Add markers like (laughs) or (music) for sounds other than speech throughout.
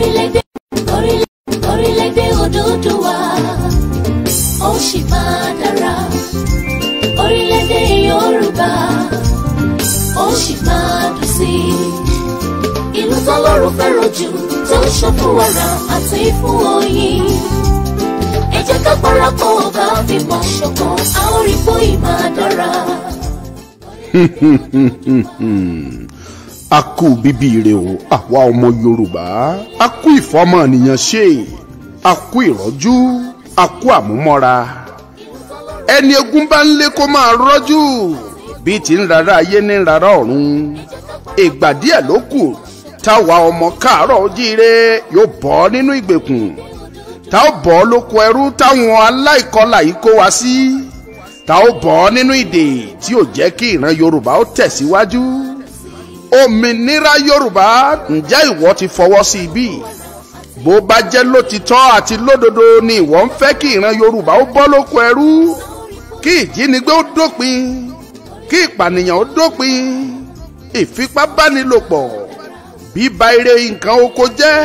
orílẹ̀-èdè orílẹ̀-èdè Odùduwà ó ṣì máa dára orílẹ̀-èdè Yorùbá ó ṣì máa dùn sí i ìlú tọ́lọ́run fẹ́ràn jù tó ń ṣàn fún wàrà àti fún oyin ẹ jẹ́ ká parapọ̀ ọ̀gá fi mọ̀ ṣọ̀kan a ó rí fún ìmáa dára. (laughs) a kú bíbí ire o àwa ọmọ yorùbá a kú ìfọmọnìyàn ṣe a kú ìrọ́jú a kú àmúmọ́ra ẹni egun bá ń lé kó máa rọ́jú bí ti ń rárá ayé ní rárá ọ̀run ìgbà díẹ̀ ló kù táwa ọmọ káàárọ̀ ojíire yóò bọ́ nínú ìgbèkùn tá ó bọ́ lóko ẹrú táwọn aláìkọlà yìí kó wa sí tá ó bọ́ nínú ìdè tí ò jẹ́ kí ìran yorùbá ó tẹ̀síwájú. Si òmìnira yorùbá ǹjẹ́ ìwọ ti fọwọ́ sí i bí? bó bá jẹ́ lótìtọ́ àti lódodo ni ìwọ ń fẹ́ kí ìran yorùbá ó bọ́ lóko ẹrú kí ìjínigbé ó dópin kí ìpànìyàn ó dópin ìfipábánilòpọ̀ bíba ire nǹkan oko jẹ́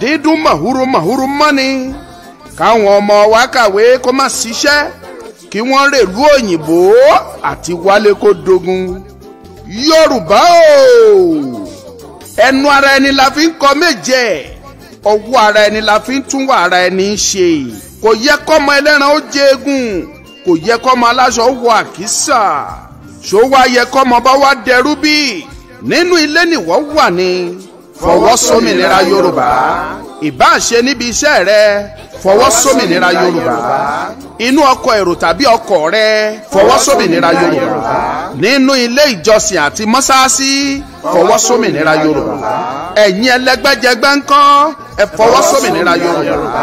dídún màhúrú màhúrú mọ́ni káwọn ọmọ wa kàwé kó má ṣiṣẹ́ kí wọ́n rèlú òyìnbó àti wálé kó dogun yorùbá o ẹnu ara ẹni la fi ń kọ méje ọwọ́ ara ẹni la fi ń tún wà ara ẹni ń ṣe kò yẹ kọ́mọ ẹlẹ́ran ó jẹ́gun kò yẹ kọ́mọ aláṣọ ó wọ àkísà ṣó wá yẹ kọ́mọ bá wá dẹrú bí nínú ilé nìwọ́ wà ní fọwọ́sọmìnira yorùbá ìbáṣe níbi iṣẹ́ rẹ fọwọ́sọmìnira yorùbá inú ọkọ̀ èrò tàbí ọkọ̀ rẹ fọwọ́sọmìnira yorùbá nínú ilé ìjọsìn àti mọ́sáàsì fọwọ́sọmìnira yorùbá ẹ̀yin ẹlẹ́gbẹ́jẹgbẹ́ ńkọ́ ẹ fọwọ́sọmìnira yorùbá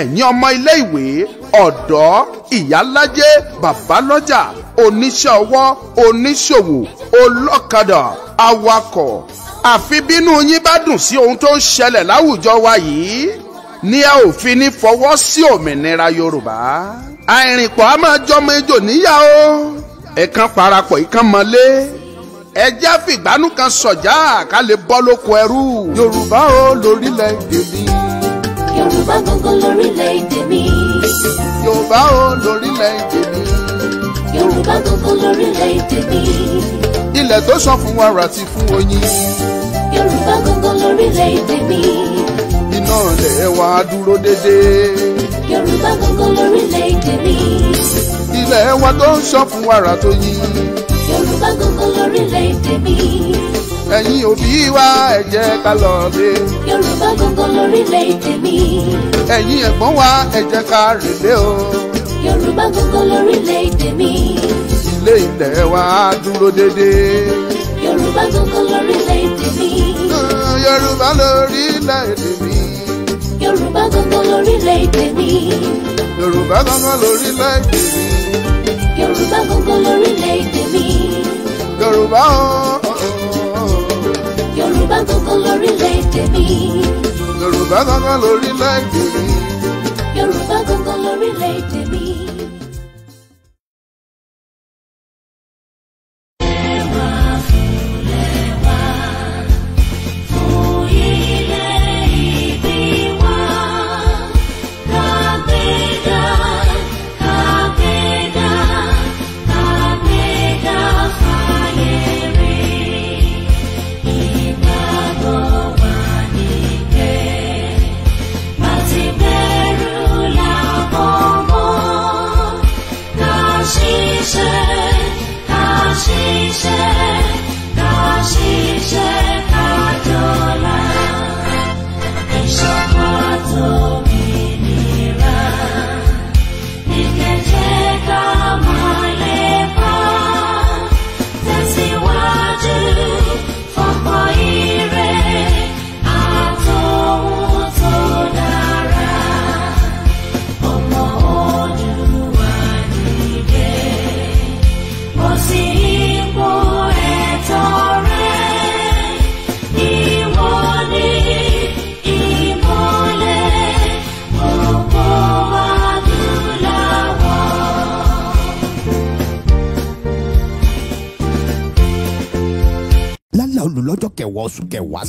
ẹ̀yin ọmọ ilé ìwé ọ̀dọ́ ìyálájé bàbálọ́jà oníṣẹ́ ọwọ́ oníṣòwò olọ́kadà awakọ̀ àfi bínú yín bá dùn sí ohun tó ń ṣẹlẹ̀ láwùjọ wa yìí ni a ò fi ní fọwọ́ sí òmìnira Yorùbá. àìrìnpọ̀ a máa jọmọ ejò níyà o ẹ̀kan parapọ̀ ìkan mọ́lé ẹjẹ́ fìgbánú kan sọ̀já ká lè bọ́ lóko ẹrú. Yorùbá o lórílẹ̀‐èdè mi. Yorùbá gangan lórílẹ̀‐èdè mi. Yorùbá o lórílẹ̀‐èdè mi. Yorùbá gangan lórílẹ̀‐èdè mi. ilẹ̀ tó sàn fún wàrà ti fún oyin. Yorùbá gangan lórílẹ̀‐èdè mi náà lẹ̀ wá dúró dédé. Yorùbá gbogbo lórílẹ̀‐èdè mi. Ilẹ̀ wa tó ń ṣọ́ fún wàrà tó yí. Yorùbá gbogbo lórílẹ̀‐èdè mi. Ẹ̀yin òbí wa ẹ jẹ́ ká lọ lé. Yorùbá gbogbo lórílẹ̀‐èdè mi. Ẹ̀yin ẹ̀gbọ́n wa ẹ jẹ́ ká rèlé o. Yorùbá gbogbo lórílẹ̀‐èdè mi. Ilé ilẹ̀ wa dúró dédé. Yorùbá gbogbo lórílẹ̀‐èdè mi. Yorùbá lórílẹ̀‐èdè mi. Yorùbá gangan lórílẹ̀‐èdè me. Yorùbá gangan lórílẹ̀‐èdè mi. Yorùbá gangan lórílẹ̀‐èdè mi. Yorùbá Yorùbá gangan lórílẹ̀‐èdè mi. Yorùbá gangan lórílẹ̀‐èdè me. Yorùbá gangan lórílẹ̀‐èdè mi.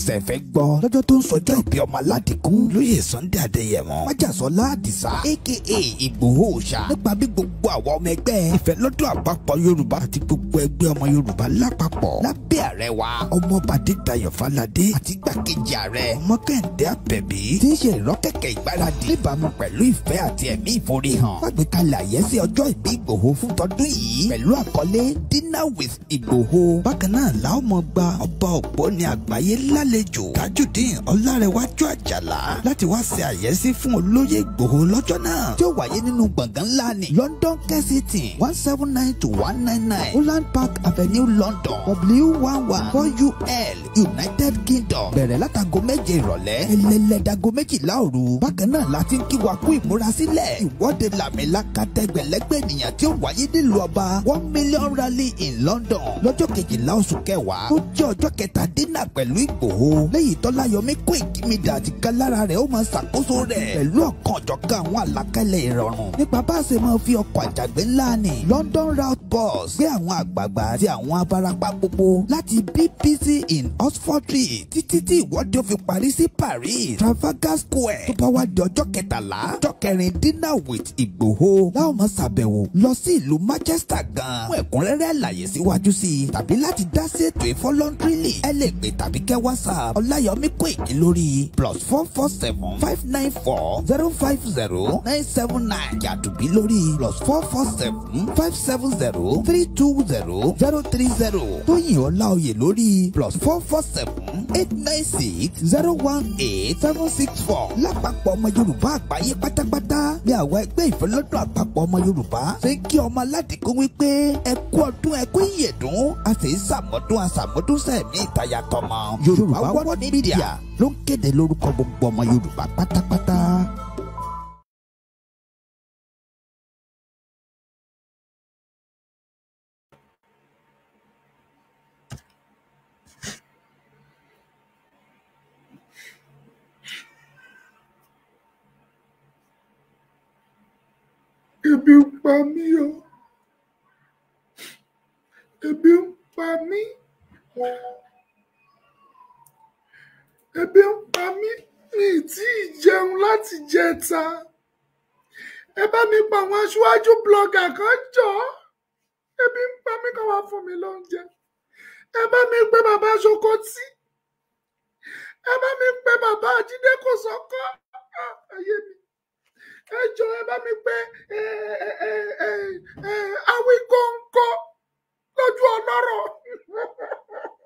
ṣe fẹ́ gbọ́ lọ́jọ́ tó ń sọjọ́ ìbí ọmọ aládìkún lóyè Sunday Adéyẹmọ májàsọ́lá àdìsá aka Ìgbòho Òòṣà nípa bí gbogbo àwa ọmọ ẹgbẹ́ ìfẹ́ lọ́dọ̀ àpapọ̀ Yorùbá àti gbogbo ẹgbẹ́ ọmọ Yorùbá lápapọ̀ lábẹ́ ààrẹ wa ọmọọba Adédayọ̀ Fáládé àti gbàkejì ààrẹ ọmọ Kẹ́hìndé Àbẹ̀bí tí ń ṣe ìrọ́kẹ̀kẹ̀ ìgbáradì níbàámu pẹ̀lú ìfẹ́ àti ẹ̀mí ìforihàn dinner with Ìgbòho bákan náà làwọn ọmọ gba ọba lálejò tajudeen ọlárẹwájú àjàlá láti wá ṣe àyẹ́sí fún olóyè ìgbòho lọ́jọ́ náà tí ó wáyé nínú gbọ̀ngàn ńlá ní london kensington one seven nine to one nine nine holland park avenue london w one one four ul united kingdom bẹ̀rẹ̀ látago méje ìrọ̀lẹ́ ẹlẹ́lẹ́dago méjìlá òru bákan náà la ti ń kí wa kú ìmúrasílẹ̀ ìwọ́de làmìlaka tẹgbẹ̀lẹ́gbẹ̀ ènìyàn tí ó wáyé nílùú ọba one million rally in london lọ́jọ́ kejìlá oṣù kẹwàá ó jẹ́ ọjọ́ kẹtàdínà pẹ̀lú ìgbòho o. léyìí tọ́láyọmí kó ìdímidà àti galára rẹ̀ ó máa ṣàkóso rẹ̀ pẹ̀lú ọ̀kan ọ̀jọ̀kan àwọn àlàkalẹ̀ ìrọ̀rùn nípa bá a ṣe máa fi ọkọ̀ àjàgbé ńlá ni London route bus gbé àwọn àgbààgbà àti àwọn abarapá gbogbo láti BBC in Oxford Street títí tí ìwọ́de ó fi parí sí Paris Trafalgar Square tó bá wá di ọjọ́ kẹtàlá ọjọ́ kẹrin dinner with Ìgbòho láwọn máa ṣàbẹ̀wò lọ sí ìlú Manchester gan fún ẹ̀kúnrẹ́rẹ́ àlàyé síwájú sí i tàbí láti dá sí ètò ìfọ́lọ́ńtírìlì ẹ lè pè tàbí kẹ́ wá WhatsApp Ọláyọ̀mí Kóìkì lórí plus four four seven five nine four zero five zero nine seven nine Jàdùbí lórí plus four four seven five seven zero three two zero zero three zero Tóyìn Ọláoyè lórí plus four four seven eight nine six zero one eight seven six four lápapọ̀ ọmọ Yorùbá àgbáyé pátápátá ní àwọn ẹgbẹ́ ìfọlọ́dún àpapọ̀ ọmọ Yorùbá ṣe kí ọmọ aládìgún wípé ẹ kú ọdún ẹ kú ìyẹ̀dún a sì ń ṣàmọ́dún a ṣàmọ́dún sẹ́ẹ̀mí ìtayàtọ̀ mọ́. Yorùbá yorùbá world media ló ń kéde lórúkọ gbogbo ọmọ yorùbá pátápátá. ebi ń pa mí o ebi ń pa mí ebi ń pa mí mi tí ì jẹun láti jẹta ẹ bá mi pa àwọn aṣíwájú blọgà kan jọ ebi ń pa mí kan wá fún mi lóúnjẹ ẹ bá mi pè bàbá Sokoti ẹ bá mi pè bàbá Àjídé Kòsọ́kọ́ ah, ayé mi ẹ jọ ẹ bá mi pè Awíkọ́ńkọ́ lójú ọlọ́rọ̀. (laughs)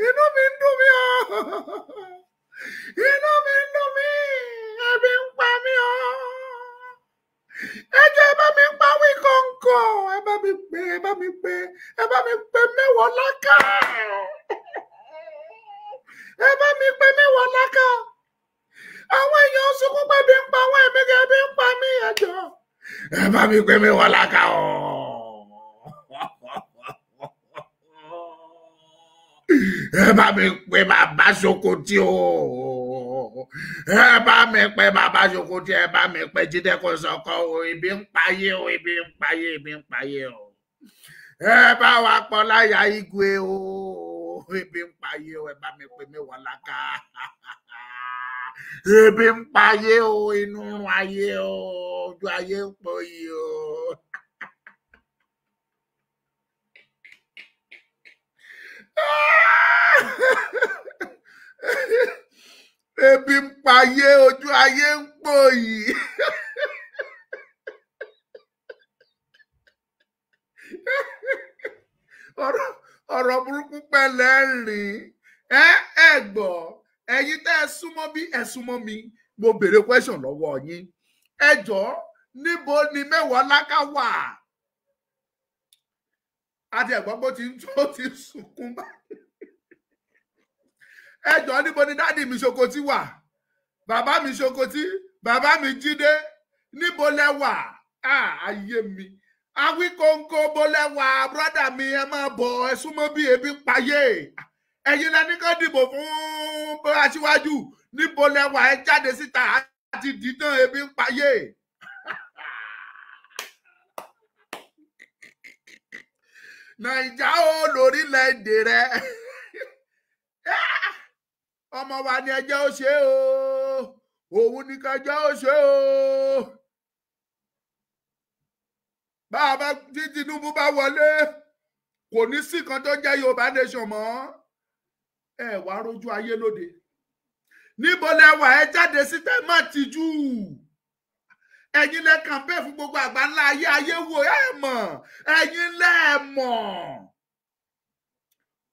inú mi ń dùn mí o inú mi ń dùn mí ebi ń pa mí o ẹjọ́ ẹ bá mi pa wí kọ̀ǹkọ̀ ẹ bá mi pè ẹ bá mi pè ẹ bá mi pè mẹ́wọ̀ọ́ lákà ẹ bá mi pè mẹ́wọ̀ọ́ lákà àwọn èèyàn sunkún pé bí ń pa àwọn ẹ̀mí gẹ́gẹ́ bí ń pa mí ẹjọ́ ẹ bá mi pè mẹ́wọ̀ọ́ lákà o. ẹ bá mi pè bàbá Sokoti oh, o ẹ bá mi pè bàbá Sokoti ẹ bá mi pè Jídé Kòsọ́kọ́ o ibi ń payé o ibi ń payé ibi ń payé o ẹ bá wa pọ láyà igwe o ibi ń payé o ẹ bá mi pè mí wọ láká ibi ń payé o inú ayé o ojú ayé ń pòyì o. Ah! (laughs) ebi ń payé ojú ayé ń pò yìí. ọ̀rọ̀ burúkú pẹ̀lẹ́ rìn ẹ́ ẹ̀ gbọ́ ẹ̀yin tẹ́ ẹ mi mo béèrè question lọ́wọ́ yín ẹ jọ̀ọ́ níbo ni mẹ́wàá wà. àti ẹ̀gbọ́n pé ó ti ó ti sunkún báyìí ẹ jọ̀ọ́ níbo ni dáàdì mi ṣokotí wà bàbá mi ṣokotí bàbá mi jíde níbo lẹ wà ayé mi awíkóńkó bó lẹ wà mi ẹ máa bọ̀ ẹ súnmọ́ bí ebi payé ẹ̀yin lẹni kan dìbò fún aṣíwájú níbo lẹ wà ẹ jáde síta àti dídán ebi payé. nàìjà ó lórílẹ̀‐èdè rẹ (laughs) ọmọ wa ni ẹjọ́ ó ṣe o òun ni kẹjọ́ ó ṣe o bá a bá tí Tinubu bá wọlé kò ní sí kan tó jẹ́ Yorùbá nation mọ́ ẹ wàá rojú ayé lóde níbo lẹ ẹ jáde síta má tijú ẹ̀yin lẹ kàn bẹ́ẹ̀ fún gbogbo àgbà ńlá ayé ayé wo ẹ mọ̀ ẹ̀yin lẹ mọ̀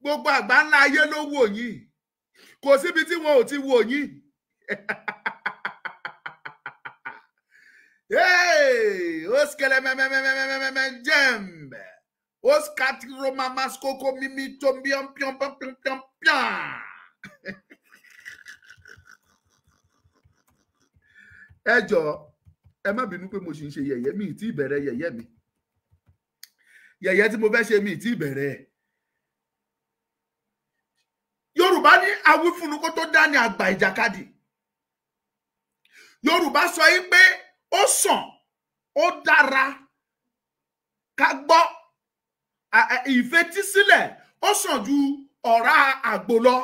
gbogbo àgbà ńlá ayé ló wò yín kò síbi tí wọn ò ti wò yín oskele mẹmẹmẹmẹmẹmẹ jẹmbẹ oskati roma maskoko mimi tó pion pion pion pion pion pion ẹ jọ̀ọ́ ẹ má bínú pé mo sì ń ṣe yẹ̀yẹ́ mi tí ìbẹ̀rẹ̀ yẹ̀yẹ́ mi yẹ̀yẹ́ tí mo fẹ́ ṣe mi tí ìbẹ̀rẹ̀ ẹ̀ yorùbá ní awífúnni kó tó dá ní àgbà ìjàkadì yorùbá sọ yìí pé ó sàn ó dára ká gbọ́ ìfetísílẹ̀ ó sàn ju ọ̀rá àgbò lọ.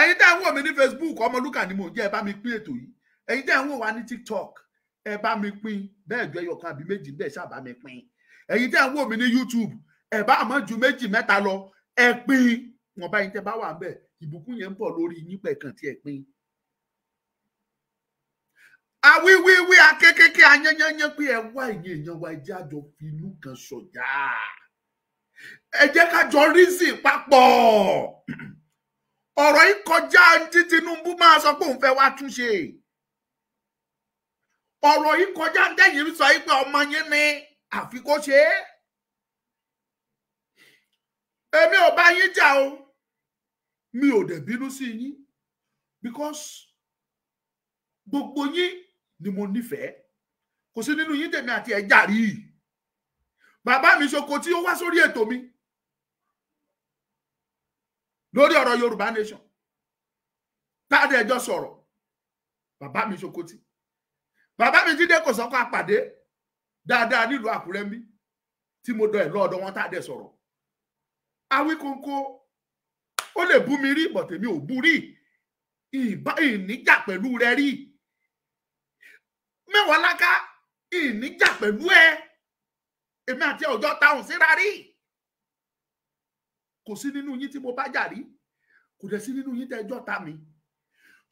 ẹ̀yin tẹ́ ń wò mí ní facebook ọmọlúkà ni mò ń jẹ́ ẹ bá mi pín ètò yìí ẹ̀yin tẹ́ ń wò wá ní tiktok ẹ bá mi pín bẹ́ẹ̀ jọ ẹyọkan àbí méjì bẹ́ẹ̀ ṣáà bá mi pín ẹ̀yin tẹ́ ń wò mí ní youtube ẹ bá àmọ́ ju méjì mẹ́ta lọ ẹ pín wọn bá yín tẹ́ bá wà ń bẹ̀ ìbùkún yẹn ń bọ̀ lórí yín pẹ̀ kàn tí ẹ pín. àwíwíwí akékèké ayányányá pé ẹ wá ìyẹn èèyàn wa ẹjẹ àjọ fi inú kan ṣọjà ẹ jẹ́ ká jọ rízì papọ̀. (clears throat) ọ̀rọ̀ yìí kọjá tí Tinubu máa sọ pé òun fẹ́ wá túnṣe ọ̀rọ̀ yìí kọjá tẹ̀yìn sọ pé ọmọ yín ni àfi ṣe é èmi ò bá yín jà o mi ò dẹ̀ bínú sí yín because gbogbo yín ni mo nífẹ̀ẹ́ kò sí nínú yín tèmi àti ẹ̀ jà rí bàbá mi ṣoko tí ó wá sórí ètò mi lórí ọ̀rọ̀ yorùbá nation táàdé ẹjọ́ sọ̀rọ̀ bàbá mi ṣokotí bàbá mi jíde kò sọ́kọ́ àpàdé dáadáa nílùú àkúrẹ́ mbí tí mo dọ ẹ̀ lọ́ọ̀dọ̀ wọn táàdé sọ̀rọ̀ awíkóńkó ó lè bú mi rí bọ̀tẹ̀mí ò bú rí ìbá ìníjà pẹ̀lú rẹ rí mẹ́wàá láká ìníjà pẹ̀lú ẹ èmi àti ọjọ́ táwọn síra rí kò sí nínú yín tí mo bá jà rí kò dẹ̀ sí nínú yín tẹ́ ẹjọ́ ta mi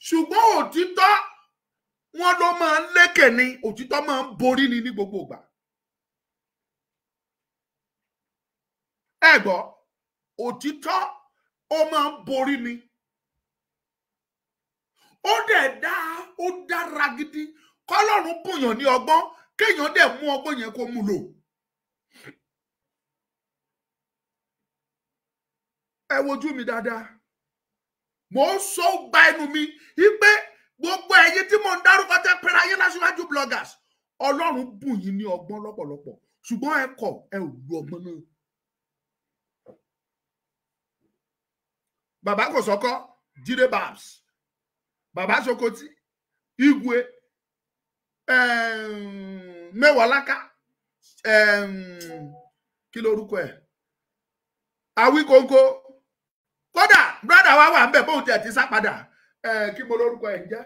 ṣùgbọ́n òtítọ́ wọn ló máa ń lékè ni òtítọ́ máa ń borí ni ní gbogbo ìgbà ẹ gbọ́ òtítọ́ ó máa ń borí ni ó dẹ̀ dá ó dára gidi kọ́lọ́run bùyàn ní ọgbọ́n kéèyàn dẹ̀ mú ọgbọ́n yẹn kó mú lò. ẹ wojú mi dáadáa mò ń sọ gba ẹnu mi wípé gbogbo ẹ̀yin tí mò ń dárúkọ tẹ pẹ̀lú ayé láṣíwájú bloggers ọlọ́run bùn yín ní ọgbọ́n lọ́pọ̀lọpọ̀ ṣùgbọ́n ẹ kọ̀ ẹ ò lu ọgbọ́n náà. bàbá kò sọkọ jíde babs bàbá sokoti igwe mẹwàá ehm, láká ehm, kí lorúkọ ẹ awíkóńkó kódà brọ́dà wa wà nbẹ̀ bóun tiẹ̀ ti sá padà kí mo lórúkọ ẹ̀ ń jẹ́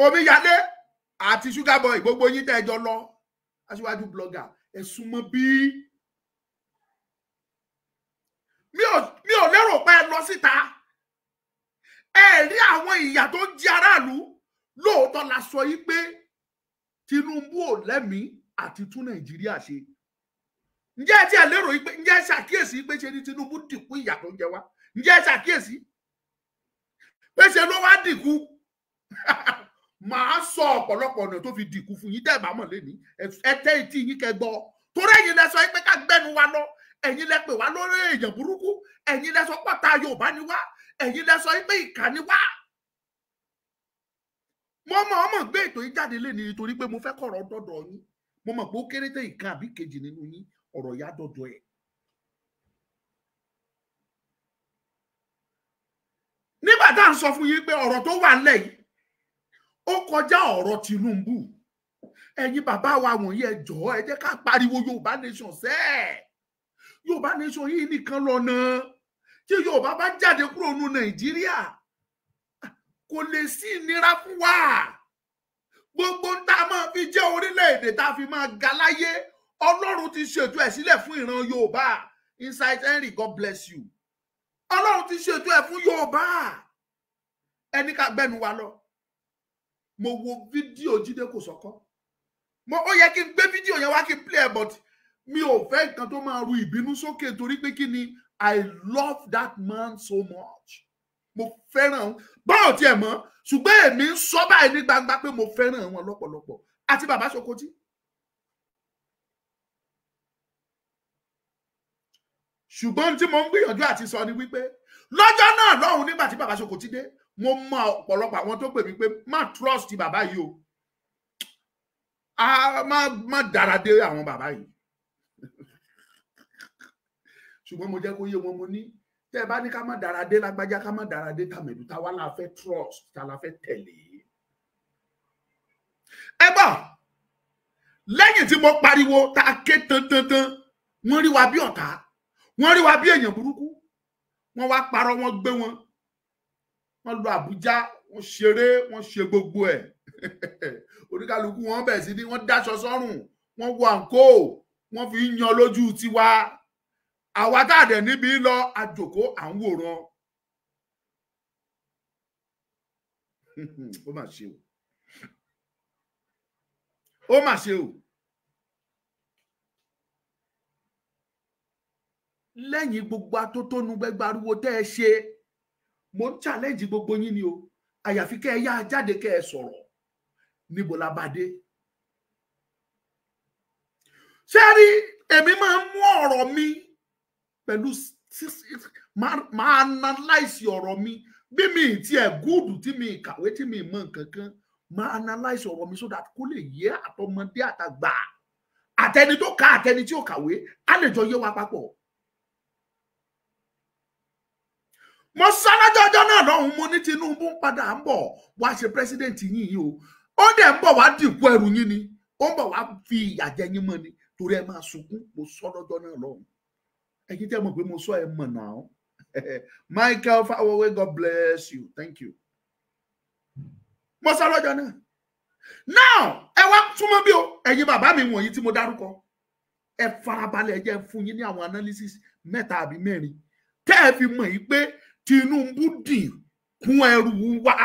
(laughs) omíyalé àti sugar boy gbogbo yín tẹ́ ẹ jọ lọ aṣíwájú blogger ẹ súnmọ́ bí. mi ò lérò pé ẹ lọ síta ẹ rí àwọn ìyà tó ń jẹ aráàlú lóòótọ́ la sọ yí pé Tinubu ò lẹ́mìí àti tún Nàìjíríà ṣe ǹjẹ́ ẹ ti àlérò pé ǹjẹ́ ẹ ṣàkíyèsí pé ṣe ni Tinubu dìkú ìyà tó ń jẹ wá ǹjẹ́ ẹ ṣàkíyèsí pé ṣe ló wá dìkú (laughs) màá sọ ọ̀pọ̀lọpọ̀ ọ̀nà tó fi dìkú fún yín dẹ́ẹ̀bà mọ̀ lẹ́ni ẹ tẹ́ ìtì yín kẹ́ torí ẹ̀yin lẹ sọ pé ká gbẹ́nu wa lọ ẹ̀yin lẹ pè wá lórí èèyàn burúkú ẹ̀yin lẹ sọ Yorùbá ni wá ẹ̀yin lẹ sọ pé ìkà ni wá mo ọmọ gbé ètò yìí ọ̀rọ̀ yá dọ̀dọ̀ ẹ̀. nígbà tá à ń sọ fún yín pé ọ̀rọ̀ tó wà nílẹ̀ yìí ó kọjá ọ̀rọ̀ Tinubu ẹ̀yin bàbá wa wọ̀nyí ẹ jọ̀ọ́ ẹ jẹ́ ká pariwo Yorùbá nation sẹ́ẹ̀ Yorùbá nation yìí nìkan lọ́nà tí Yorùbá bá jáde kúrò nù Nàìjíríà kò lè sí ìnira fún wa gbogbo ń tá máa fi jẹ́ orílẹ̀-èdè tá a fi máa ga láyé ọlọ́run ti ṣètò ẹ̀ sílẹ̀ fún ìran yorùbá inside henry god bless you ọlọ́run ti ṣètò ẹ̀ fún yorùbá ẹni ká gbẹnu wa lọ mo wo fídíò jíde kò sọkọ mo ó yẹ kí n gbé fídíò yẹn wá kí n play but mi ò fẹ́ nǹkan tó máa ru ìbínú sókè torí pé kí ni i love that man so much mo fẹ́ràn báwo tiẹ̀ mọ́ ṣùgbọ́n èmi ń sọ báyìí ní gbangba pé mo fẹ́ràn wọn lọ́pọ̀lọpọ̀ àti bàbá sokoti ṣùgbọ́n tí mo ń gbìyànjú àti sọ ni wípé lọ́jọ́ náà lọ́hùn nígbà tí bàbá Sokoti dé mo mọ ọ̀pọ̀lọpọ̀ àwọn tó pè mí pé má trust bàbá yìí o a má má dára dé àwọn bàbá yìí (laughs) ṣùgbọ́n mo jẹ́ kó yé wọn mo ní tẹ́ ẹ bá ní ká má dára dé lágbájá ká má dára dé tàmẹ̀dù táwa la fẹ́ trust tá la fẹ́ tẹ̀lé ẹ bọ̀ lẹ́yìn tí mo pariwo tá a ké tantantan wọ́n rí wa bí ọ̀tá wọ́n rí wa bí èèyàn burúkú wọ́n wá parọ́ wọ́n gbé wọn wọ́n lọ Àbújá wọ́n ṣeré wọ́n ṣe gbogbo ẹ̀ (laughs) oníkàlùkù wọ́n bẹ̀ sí ní wọ́n dáṣọ sọ́rùn wọ́n wọ àǹkó wọ́n fi ń yan lójú tiwa àwa tá a dẹ̀ níbi lọ àjòkó à ń wòran. (laughs) ó mà ṣe o ó mà ṣe o. lẹ́yìn gbogbo atótónu gbẹgbàrúwo tẹ́ ẹ ṣe mo ń challenge gbogbo yín ni o àyàfi kẹ́ ẹ yá jáde kẹ́ ẹ sọ̀rọ̀ níbo la bá dé. ṣé rí èmi máa ń mú ọ̀rọ̀ mi pẹ̀lú máa analyse ọ̀rọ̀ mi bí mi ti ẹ̀ gúùdù tí mi kàwé tí mi mọ̀ nǹkan kan máa analyse ọ̀rọ̀ mi so that kó lè yé àtọmọdé àtàgbà àtẹni tó kà àtẹni tí ó kàwé á lè jọ yé wa papọ̀ mo sánájọ ọjọ́ náà lọ́hùn mo ní Tinubu ń padà ń bọ̀ wá ṣe pírẹsidẹǹtì yín yìí o ó dẹ̀ ń bọ̀ wá dìkú ẹrù yín ni ó ń bọ̀ wá fi ìyà jẹ yín mọ́ ni torí ẹ máa sunkún mo sọ lọ́jọ́ náà lọ́hùn ẹ̀yin tẹ́ mọ̀ pé mo sọ ẹ mọ̀ náà (laughs) Michael Fawowe God bless you thank you mo sọ lọ́jọ́ náà now ẹ wá túmọ̀ bí o ẹ̀yin bàbá mi wọ̀nyí tí mo dárúkọ ẹ farabalẹ̀ ẹ jẹ́ fún yín ní àwọn analysis mẹ́ta àbí mẹ́rin tẹ́ ẹ fi mọ̀ yìí pé Tinubu dì kún ẹrù wa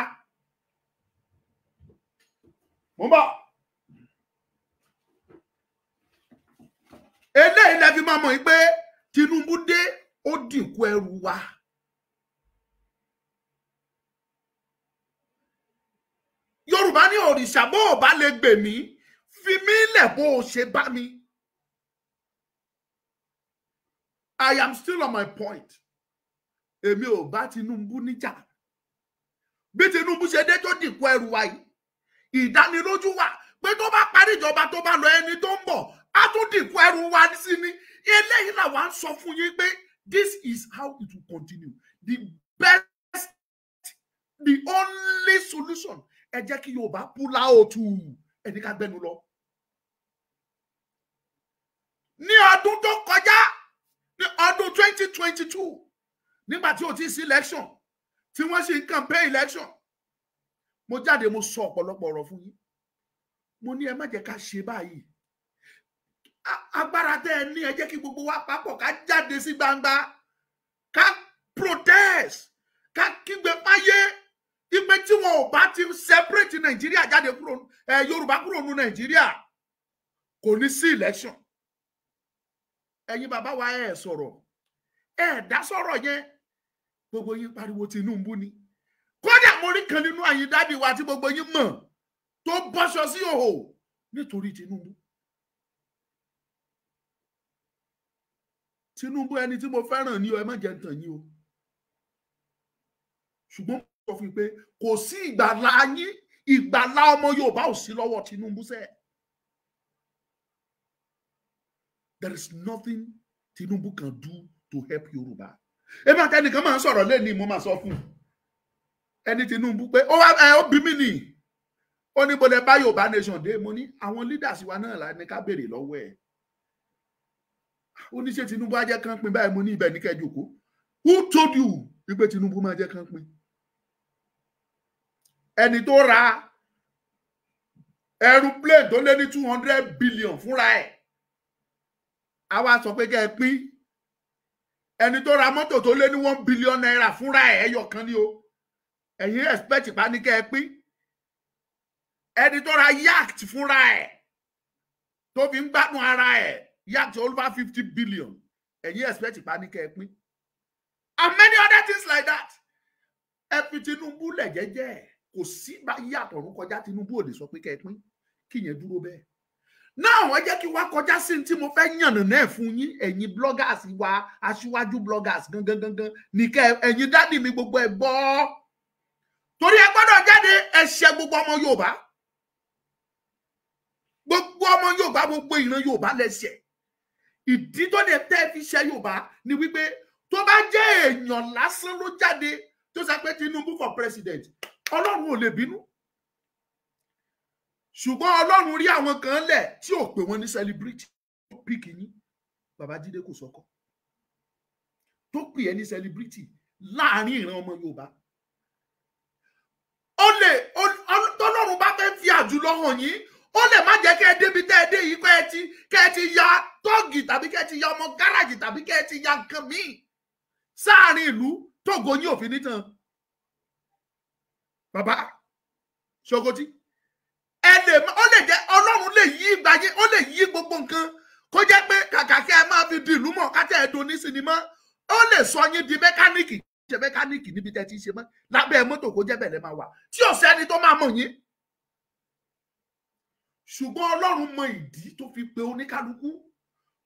mo bá eléyìí la máa mọ̀ pé Tinubu dé ó dìkú ẹrù wa. Yorùbá ní òrìṣà bó o lè gbè mí fi mí lẹ̀ bó o ṣe bá mi. I am still on my point èmi ò bá Tinubu níjà bí Tinubu ṣe dé tó dìkú ẹrù wa yìí ìdánilójú wà pé tó bá parí ìjọba tó bá lọ ẹni tó ń bọ̀ á tún dìkú ẹrù wa sí ni eléyìí làwa ń sọ fún yín pé this is how it will continue the best the only solution ẹ jẹ́ kí Yorùbá pull out ẹni ká gbẹnu lọ ní ọdún tó kọjá ní ọdún twenty twenty two nígbà tí ò ti sí election tí wọ́n sì ń campaign election mo jáde mo sọ ọ̀pọ̀lọpọ̀ ọ̀rọ̀ fún yín mo ní ẹ má jẹ́ ká ṣe báyìí agbára tẹ́ ẹ ní ẹ jẹ́ kí gbogbo wa papọ̀ ká jáde sí gbangba ká protest ká kígbe fáyé ipe tí wọn ò bá ti separate nàìjíríà jáde kúrò ẹ yorùbá kúrò nu nàìjíríà kò ní sí election ẹ̀yin bàbá wa ẹ sọ̀rọ̀ ẹ dá sọ̀rọ̀ yẹn gbogbo yín pariwo Tinubu ni kódà mo rí kan nínú àyín dábì wa tí gbogbo yín mọ̀ tó bọ́ṣọ sí òhò nítorí Tinubu Tinubu ẹni tí mo fẹ́ràn ni o ẹ má jẹ́ ntàn yín o ṣùgbọ́n mo sọ fún yín pé kò sí ìgbàlá yín ìgbàlá ọmọ Yorùbá ò sí lọ́wọ́ Tinubu sẹ́ẹ̀. There is nothing Tinubu can do to help Yorùbá ebi àtẹnìkan máa ń sọ̀rọ̀ lẹ́ni mo máa sọ fún ẹni Tinubu pé ó wá ẹ ó bí mí nìyí ó ní bọ́lẹ̀ bá Yorùbá nation dé mo ní àwọn leaders wa náà la ní ká béèrè lọ́wọ́ ẹ̀ ó ní ṣé Tinubu á jẹ́ kán pin báyìí mo ní ibẹ̀ ní kẹjọkó who told you wípé Tinubu máa jẹ́ kán pin ẹni tó ra aeroplane tó lé ní two hundred billion fúnra ẹ̀ àwa sọ pé kẹ́ pín ẹni tó ra mọ́tò tó lé ní one billion naira fúnra ẹ̀ ẹyọ kan ni o ẹ̀yin expect ìpánikẹ́ ẹ pín ẹni tó ra yacht fúnra ẹ̀ tó fi ń gbádùn ara ẹ̀ yacht over fifty billion ẹ̀yin expect ìpánikẹ́ ẹ pín and many other things like that ẹ fi Tinubu lẹ̀ jẹ́jẹ́ kò sí bá yàtọ̀ ọ̀run kọjá Tinubu ò lè sọ pé kẹ́ ẹ pín kí yẹn dúró bẹ́ẹ̀ now wọ́n jẹ́ kí wá kọjá sí tí mo fẹ́ yànnàná ẹ̀ fún yín ẹ̀yin bloggers wa aṣíwájú bloggers gangan gangan nìkẹ́ ẹ̀yin dádì mi gbogbo ẹ̀ gbọ́ torí ẹ gbọ́dọ̀ jáde ẹ̀ṣẹ̀ gbogbo ọmọ Yorùbá gbogbo ọmọ Yorùbá gbogbo ìran Yorùbá lẹ́ṣẹ̀ ìdí tó lè tẹ́ fi ṣe Yorùbá ni wípé tó bá jẹ́ èèyàn lásán ló jáde tó sọ pé Tinubu for president Ọlọ́run ò lè bínú ṣùgbọ́n ọlọ́run rí àwọn kan lẹ̀ tí ò pè wọ́n ní celebrity tó pì kínní babájídé kò sọkọ tó pè ẹ́ ní celebrity láàrin ìran ọmọ yorùbá ó lè tọ́lọ́run bá fẹ́ fi àjùlọ hàn yín ó lè má jẹ́ kẹ́ ẹ débi tẹ́ ẹ dé yìí kẹ́ ẹ ti kẹ́ ẹ ti ya tọ́ọ̀gì tàbí kẹ́ ẹ ti ya ọmọ gáràjì tàbí kẹ́ ẹ ti ya nǹkan míì sáàrin ìlú tógo yín òfin nítàn bàbá ṣogotí ẹ lè ó lè jẹ ọlọ́run lè yí ìgbà yín ó lè yí gbogbo nǹkan kó jẹ́ pé kàkà kí ẹ máa fi di ìlú mọ̀ kájà ẹ̀ doni sinimá ó lè sọ yín di mẹkáníìkì ṣe mẹkáníìkì níbi tẹ́ ti ṣe mọ́ lábẹ́ mọ́tò kó jẹ́ bẹ̀rẹ̀ máa wà tí ò sẹ́ni tó máa mọ̀ yín. ṣùgbọ́n ọlọ́run mọ ìdí tó fi pe oníkálukú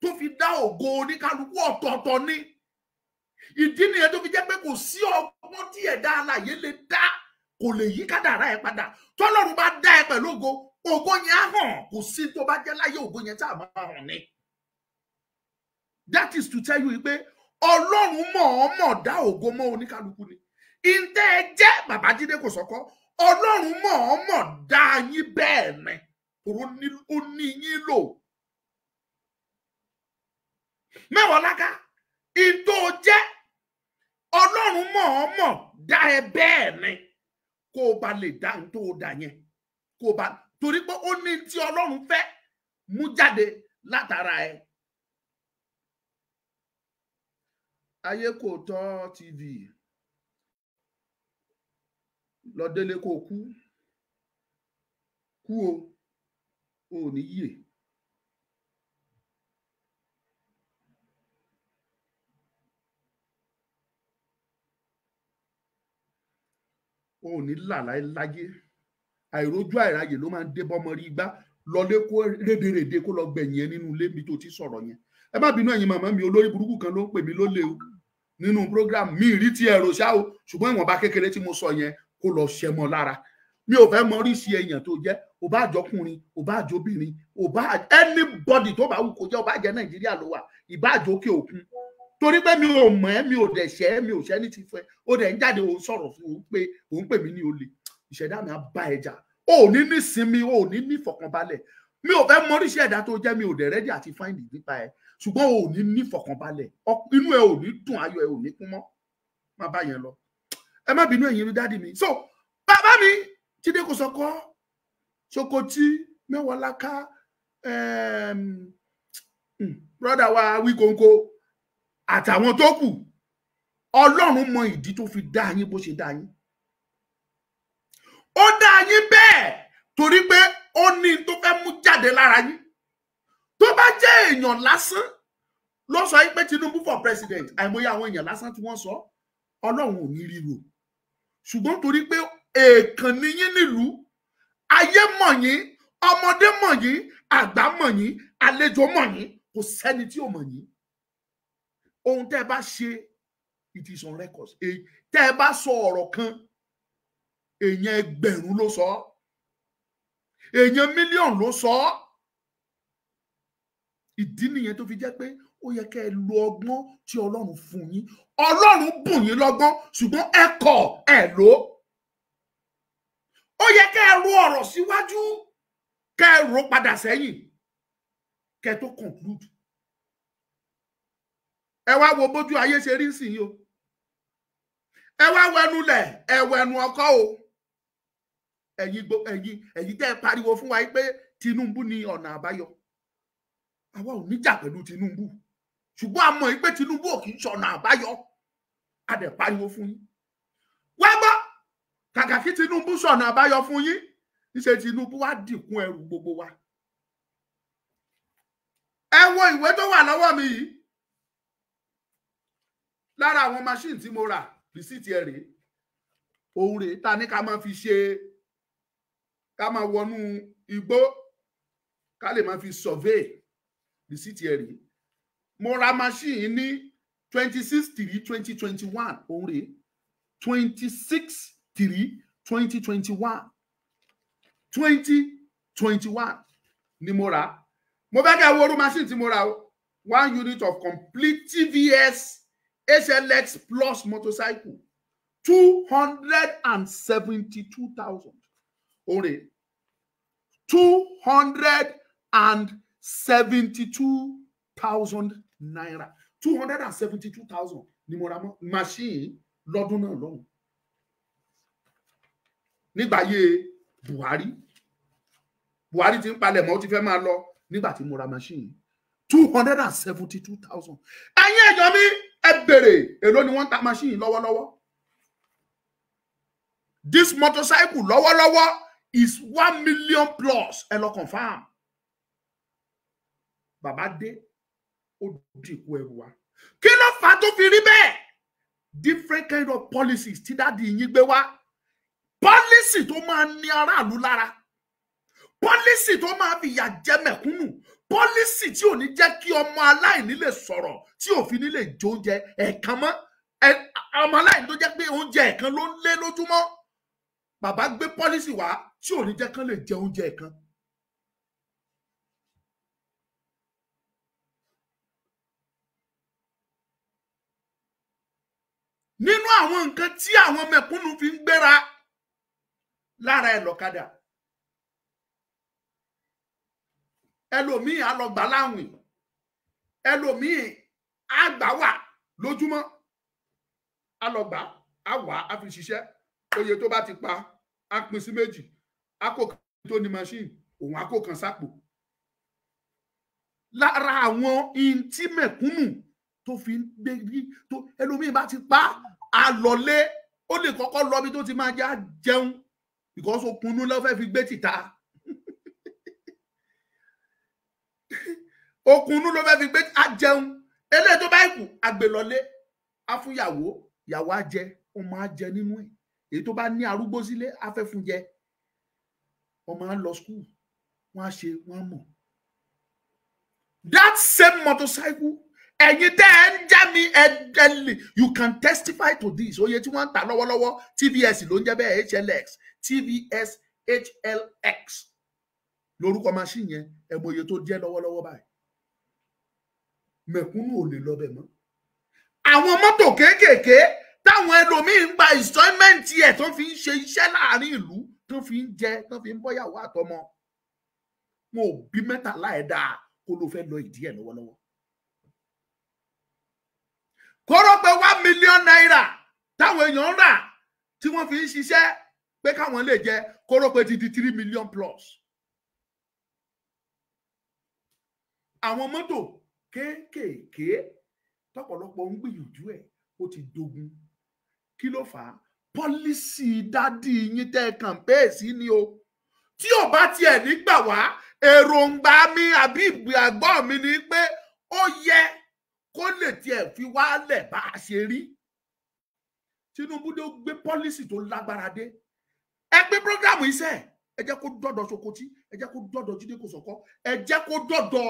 tó fi dá ògo oníkálukú ọ̀tọ̀ọ̀tọ̀ ni ìdí nìyẹn tó fi jẹ́ pé kò sí ọgbọ́n tí ẹ̀dá alàyè lè dá kò lè yí kádàrá ẹ padà tọ́lọ́run bá dá ẹ pẹ̀lú ògo ògo yẹn á hàn kò sí tó bá jẹ́ láyé ògo yẹn tá a máa hàn ni. that is to tell you pé ọlọ́run mọ̀ ọ́ mọ̀ dá ògo mọ́ oníkálukú ni ìǹtẹ́ ẹ jẹ́ Babájídé Kòsọ́kọ́ ọlọ́run mọ̀ ọ́ mọ̀ dá yín bẹ́ẹ̀ ni ó ní yín lò. mẹ́wàá láká ìtò jẹ́ ọlọ́run mọ̀ ọ́ mọ̀ dá ẹ bẹ́ẹ̀ ni kó o bá lè dá tó o dà yẹn kó o bá torí pé ó ní tí ọlọ́run fẹ́ mú jáde látara ẹ. ayé kò tọ́ tv lọ délé kó o kú kú o ò ní yè. wọn ò ní là láyé àìrójú àìráyè ló máa ń dé bọ́mọ rí igbá lọlé kó rédèrèdè kó lọ gbẹ̀yìn ẹ nínú ilé mi tó ti sọ̀rọ̀ yẹn ẹ má bínú ẹ̀yin màmá mi olórí burúkú kan ló ń pè mí lólè o nínú program mi rí ti ẹ̀rọ ṣá o ṣùgbọ́n ìwọ̀nba kékeré tí mo sọ yẹn kó lọ ṣẹmọ lára mi ò fẹ́ mọ oríṣi èèyàn tó jẹ́ ò bá àjọkùnrin ò bá àjọbìnrin ò bá anybody tó bá wù kó jẹ́ ò bá jẹ́ nàìjíríà ló wà ìbá àjọkè òkun torí pé mi ò mọ̀ ẹ́ mi ò dẹ̀ ṣẹ́ ẹ́ mi ò ṣẹ́ ní ti fẹ́ ó dẹ̀ ń jáde òun sọ̀rọ̀ fún òun pé òun pè mí ní olè ìṣẹ̀dá mi á bá ẹ jà ó ní nísinmi ó ní nífọ̀kànbalẹ̀ mi ò fẹ́ mọríṣẹ́ ẹ̀dá tó jẹ́ mi ò dẹ̀ rẹ́dí àti fáìndì nípa ẹ ṣùgbọ́n ò ní nífọ̀kànbalẹ̀ inú ẹ ò ní dùn ayọ̀ ẹ ò ní kún mọ́ má bá yẹn lọ ẹ má bínú ẹ̀yin dádì mi so bàbá mi Jídé Kòsọ́kọ́ Sokoti Mewolaka um, hmm, brother wa Wikonko àtàwọn tó kù ọlọ́run mọ ìdí tó fi dá yín bó ṣe dá yín ó dá yín bẹ́ẹ̀ torí pé ó ní tó fẹ́ mú jáde lára yín tó bá jẹ́ èèyàn lásán ló sọ yín pé Tinubu for president àìmọye àwọn èèyàn lásán tí wọ́n sọ ọlọ́run ò ní ríro ṣùgbọ́n torí pé èèkàn ni yín nílùú ayé mọ̀ yín ọmọdé mọ̀ yín àgbà mọ̀ yín àlejò mọ̀ yín kò sẹ́ni tí ò mọ̀ yín ohun tẹ́ ẹ bá ṣe it is on record tẹ́ ẹ bá sọ ọ̀rọ̀ kan èèyàn ẹgbẹ̀rún ló sọ èèyàn mílíọ̀nù ló sọ ìdí nìyẹn tó fi jẹ́ pé ó yẹ kẹ́ ẹ lo ọgbọ́n tí ọlọ́run fún yín ọlọ́run bùn yín lọ́gbọ́n ṣùgbọ́n ẹ kọ̀ ẹ lò ó yẹ kẹ́ ẹ ro ọ̀rọ̀ síwájú kẹ́ ẹ ro padà sẹ́yìn kẹ́ ẹ tó conclude ẹ wo bójú ayé ṣe rí sìn yìí o ẹ wá wẹnulẹ̀ ẹ ọkọ o ẹ̀yin ẹ̀yin ẹ̀yin tẹ́ ẹ pariwo fún wa pé Tinubu ni ọ̀nà àbáyọ àwa ò níjà pẹ̀lú Tinubu ṣùgbọ́n a mọ̀ pé Tinubu ò kì í ṣọ̀nà àbáyọ a dẹ̀ pariwo fún yín wá gbọ́ kàkà kí Tinubu ṣọ̀nà àbáyọ fún yín níṣe Tinubu wá dìkún ẹrù gbogbo wa ẹ wo ìwé tó wà lọ́wọ́ mi yìí lára àwọn machine tí mo rà rìsíìtì ẹ̀ rèé òun rèé ta ní ká máa fi ṣe ká máa wọnú igbó ká lè máa fi survey rìsíìtì ẹ̀ rèé mo ra machine ní twenty six three twenty twenty one òun rèé twenty six three twenty twenty one twenty twenty one ni mo rà mo fẹ́ kẹ́ wo orú machine tí mo rà one unit of complete TVS HLX plus motorcycle two hundred and seventy-two thousand only, two hundred and seventy-two thousand naira two hundred and seventy-two thousand ni mo ra mọ́ machine lọ́dún náà lọ́hùn nígbà Buhari Buhari ti ń palẹ̀ mọ́ ó ti fẹ́ máa lọ nígbà tí mo machine two hundred and seventy-two thousand ẹ̀yin ẹ̀jọ̀ mi ẹ bèrè èló ni wọ́n ń ta machine lọ́wọ́lọ́wọ́ this motorcycle lọ́wọ́lọ́wọ́ is one million plus ẹ lọ confam bàbá dé ó dìkú ẹrù wa kí ló fà tó fi rí bẹ́ẹ̀ different kind of policies tí di yín gbé wá pọ́lísì tó máa ní aráàlú lára pọ́lísì tó máa fìyà jẹ mẹ̀kúnnù pọ́lísì tí ò ní jẹ́ kí ọmọ aláìní lè sọ̀rọ̀ tí òfin ní lè jó oúnjẹ ẹ̀ẹ̀kan mọ́ ọmọ aláìní tó jẹ́ pé oúnjẹ ẹ̀ẹ̀kan ló ń lé lójúmọ́ bàbá gbé pọ́lísì wá tí ò ní jẹ́ kán lè jẹ oúnjẹ ẹ̀ẹ̀kan. nínú àwọn nǹkan tí àwọn mẹ̀kúnnù fi ń gbéra lára ẹ̀ lọ́kadà ẹlòmíì á lọ gbà láwìn ẹlòmíì á gbà wà lójúmọ́ á lọ gbà á wà á fi ṣiṣẹ́ oye tó bá ti pa á pín sí méjì á kó kan tó ní machine òun á kó kan sápò lára àwọn intí mẹ̀kúnnù tó fi ń gbé rí tó ẹlòmíì bá ti pa á lọlé ó lè kọ́kọ́ lọ bí tó ti máa já jẹun because okunnu ló fẹ́ fi gbé tìta okunnu ló fẹ́ fi gbé ajẹun eléyìí tó bá kù àgbélọ́lé afúnyàwó yàwó ajẹ ọmọ ajẹ nínú ẹ̀ èyí tó bá ní arúgbó sílé afẹ́fúnjẹ ọmọ á lọ skul wọn á ṣe wọn á mọ̀ that same motorcycle ẹ̀yin tẹ́ ẹ ń já mi ẹdẹlì you can testify to this oye tí wọ́n ń tà lọ́wọ́lọ́wọ́ TVS ló ń jẹ́ bẹ́ẹ̀ HLX TVS HLX lórúkọ machine yẹn ẹ mọ iye tó jẹ́ lọ́wọ́lọ́wọ́ báyìí mẹ̀kúnnù ò lè lọbẹ mọ́ àwọn mọ́tò kéékèèké táwọn ẹlòmíín ń gba ìsọímẹǹtì ẹ tó fi ń ṣe iṣẹ́ láàrin ìlú tó fi ń jẹ tó fi ń bọyàwó àtọmọ wọn ò bí mẹ́tàlá ẹ dáa kó ló fẹ́ lọ ìdí ẹ lọ́wọ́lọ́wọ́ kóró pé one million naira táwọn èèyàn ń rà tí wọ́n fi ń ṣiṣẹ́ pé káwọn lè jẹ kóró pé ti di three million plus àwọn mọ́tò kéékèèké tọ́pọ̀lọpọ̀ ń gbìyànjú ẹ̀ ó ti dogun kí ló fà á pọ́lísì dádì yín tẹ́ kàǹpẹ́ẹ̀ sí ni o tí ò bá tiẹ̀ nígbà wá èròǹgbà mi àbí ìgbàgbọ́ mi ni pé ó yẹ kó lè tiẹ̀ fi wálẹ̀ bá a ṣe rí Tinubu ló gbé pọ́lísì tó lágbára dé ẹ gbé programu iṣẹ́ ẹ jẹ́ kó dọ́dọ̀ Sokoti ẹ jẹ́ kó dọ́dọ̀ Jídé Kòsọ́kọ́ ẹ jẹ́ kó dọ́dọ̀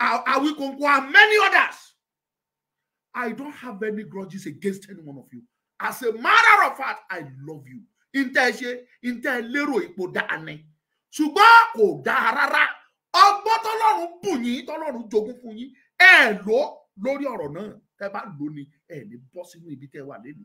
Awikonko and many others. I don't have any grudges against any one of you. As a matter of fact, I love you. Ntẹ́ ṣe, ipo da ane suba ko Ṣùgbọ́n kò dáa rárá. Ọgbọ́n tọ́lọ́run bù yín, tọ́lọ́run jogún fún yín. Ẹ lò lórí ọ̀rọ̀ náà. Tẹ́ ni lò ní ẹ ní ibi tẹ́ wà lẹ́nu.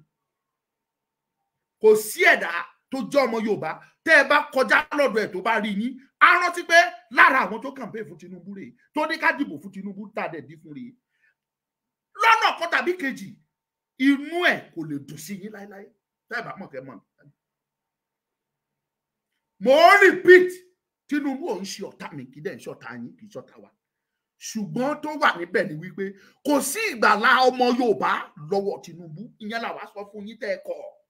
Kò sí ẹ̀dá tó jẹ́ ọmọ Yorùbá tẹ́ ẹ bá kọjá lọ́dọ̀ ẹ̀ tó bá rí yín á rántí pé lára àwọn tó kàmpé fún Tinubu rèé tó ní ká dìbò fún Tinubu tá a dẹ̀ dín fún rèé lọ́nà kan tàbí kejì inú ẹ̀ kò lè dùn sí yín láéláé tẹ́ ẹ bá mọ̀ kẹ́ mọ̀ mo ń repeat Tinubu ò ń ṣe ọ̀tá mi kì í dẹ̀ ń ṣe ọ̀tá yín kì í ṣe wa ṣùgbọ́n tó wà níbẹ̀ ni wípé kò sí ìgbàlá ọmọ Yorùbá lọ́wọ́ Tinubu ìyẹn làwa sọ fún yín tẹ́ ẹ kọ̀ ọ́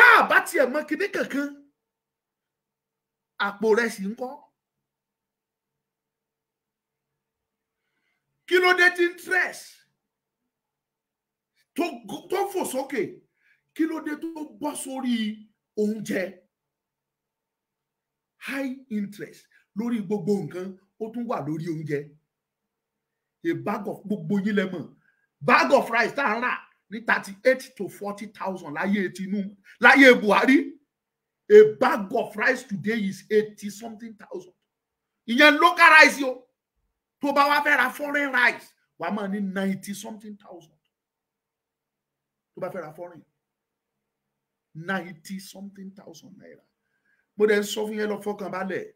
tá a bá tiẹ̀ mọ kinní kankan àpò rẹ̀ sì ń kọ́. kí ló dé tí interest tó fò sókè kí ló dé tó bọ́ sórí oúnjẹ high interest lórí gbogbo nǹkan ó tún wà lórí oúnjẹ a bag of gbogbo yín lẹ mọ̀ bag of rice tá a rà ní thirty eight to forty thousand láyé Tinubu láyé Buhari a bag of rice today is eighty something thousand ìyẹn local rice yo. tó bá wá fẹ́ ra foreign rice wà á máa ní ninety something thousand tó bá fẹ́ ra foreign ninety something thousand naira mo dẹ̀ ń sọ fún yẹn lọ fọkàn balẹ̀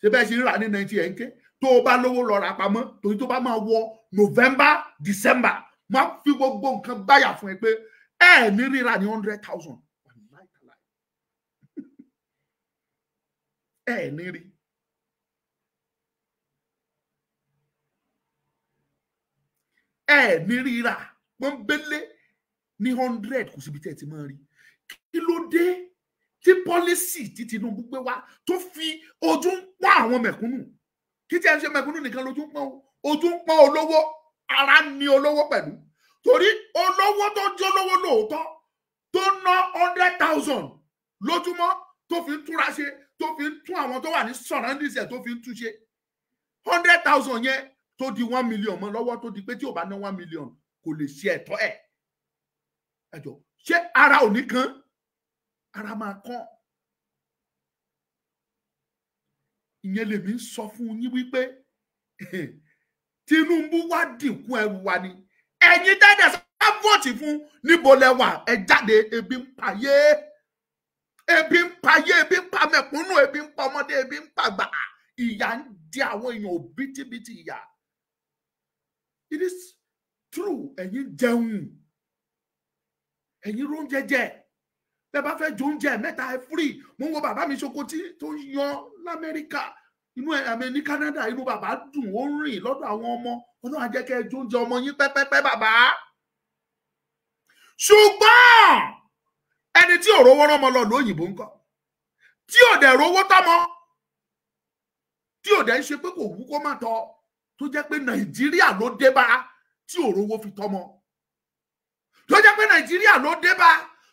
ṣe bẹ́ẹ̀ ṣe ń rà ní ninety ẹ̀ ń ké tó o bá lówó lọ rà pamọ́ torí tó bá máa wọ November December Ma fi gbogbo nǹkan báyà fún ẹ pé ẹ ní rírà ní hundred thousand ẹ ní rí. ẹ ní rírà pọ́nbélé ní hundred kò síbi tẹ́ ẹ ti máa rí kí ló dé tí pọ́lísì tí Tinubu gbé wá tó fi ojú ń pọ́n àwọn mẹ̀kúnnù kí tí a ń ṣe mẹ̀kúnnù nìkan lójú ń pọ́n ojú ń pọ́n olówó ara ni olówó pẹ̀lú torí olówó tó jẹ́ olówó lóòótọ́ tó ná hundred thousand lójúmọ́ tó fi ń túra ṣe tó fi ń tún àwọn tó wà ní surroundings tó fi tún ṣe hundred thousand yẹn tó di one million mọ́ lọ́wọ́ tó di pé tí ò bá ná one million kò lè ṣe ẹ̀tọ́ ẹ̀ ẹ̀jọ̀ ṣé ara ò ní kan ara máa kàn ìyẹn lèmi ń sọ fún yín wípé Tinubu wá dìkú ẹrù wa ni ẹ̀yin dẹ́dẹ̀ sá vóòtì fún níbo lẹ́wà ẹ jáde ebi ń payé ebi ń payé ebi ń pa mẹ̀kúnnù ebi ń pa ọmọdé ebi ń pàgbà ìyà ń di àwọn èèyàn òbítíbitì ìyà it is true ẹ̀yin jẹun ẹ̀yin ló ń jẹjẹ bá fẹ́ jẹ oúnjẹ ẹ free mo ń wo bàbá mi ṣoko tí tó yan l'Amẹ́ríkà inú ẹ̀mí ní Canada inú bàbá dùn ó rìn lọ́dọ̀ àwọn ọmọ ọlọ́run á jẹ́ kẹ́ ẹ jóúnjẹ ọmọ yín pẹ́pẹ́pẹ́ bàbá. ṣùgbọ́n ẹni tí ò rówó rán ọmọ lọ lóyìnbó ńkọ́ tí ò dẹ̀ rówó tọ́mọ tí ò dẹ̀ ń ṣe pé kò wú kó má tọ́ tó jẹ́ pé Nàìjíríà ló dé bá tí ò rówó fi tọ́mọ tó jẹ́ pé Nàìjíríà ló dé bá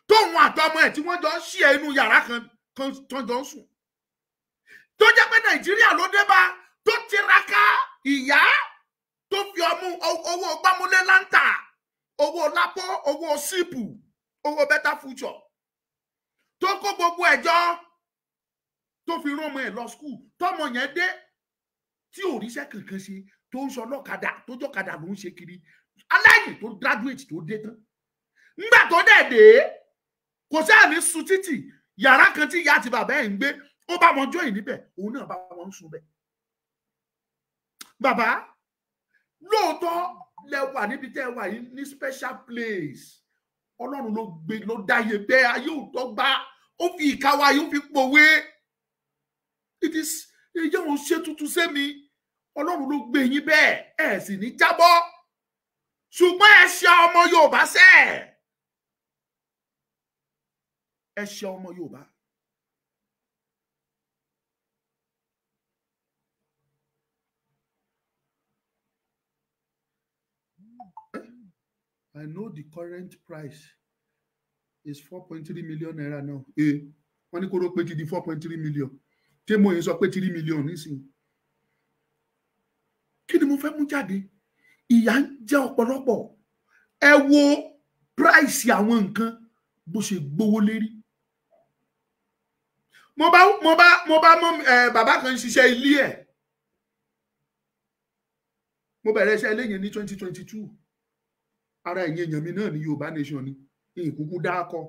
tóun àtọmọ ẹ̀ tí wọ́n jọ ń ṣí ẹnu yàrá kan kan tó jọ ń sùn tó jẹ́ pé nàìjíríà ló dé bá tó tiraka ìyá tó fi ọmú owó gbámúlé láǹtà owó lápò owó síìpù owó better future tó kó gbogbo ẹjọ́ tó fi rán ọmọ ẹ̀ lọ skul tọ́mọ yẹn dé tí ò ríṣẹ́ kankan ṣe tó ń sọ lọ́kadà tó jọ́kadà ló ń ṣe kiri aláìní tó graduate tó dé tán nígbà tó dẹ̀ dé kò sáà ní sun títì yàrá kan tí ìyá àti bàbá ẹ̀ ń gbé ó bá wọn jóyìn níbẹ̀ òun náà bá wọn sùn bẹ̀. bàbá lóòótọ́ lẹ wà níbi tẹ́ ẹ wà yìí ní special place ọlọ́run ló gbé ló dáyé bẹ́ẹ̀ ayé òótọ́ gbá ó fi ìka wa yóò fi pòwe it is ìjọ òun ṣe tuntun sẹ́mi ọlọ́run ló gbé yín bẹ́ẹ̀ ẹ̀ sì ní jábọ́ ṣùgbọ́n ẹ ṣe ọmọ yorùbá sẹ́ẹ̀ ẹ ṣe ọmọ yorùbá I know the current price is four point three million naira now. Ee, eh, wọ́n ní kó ló pé ti di four point three million. Témo yẹn sọ pé three million nísìnyí. Kí ni mo fẹ́ mú jáde? Ìyà ń jẹ ọ̀pọ̀lọpọ̀. Ẹ wo price àwọn nǹkan bó ṣe gbówó lérí. Mo bá mo bá mo bá mọ ẹ bàbá kan ṣiṣẹ́ ilé ẹ̀. Mo bẹ̀rẹ̀ iṣẹ́ eléyìí ní twenty twenty two ara ẹ̀yìn èèyàn mi náà ní Yorùbá nation ni ìkúkú dákọ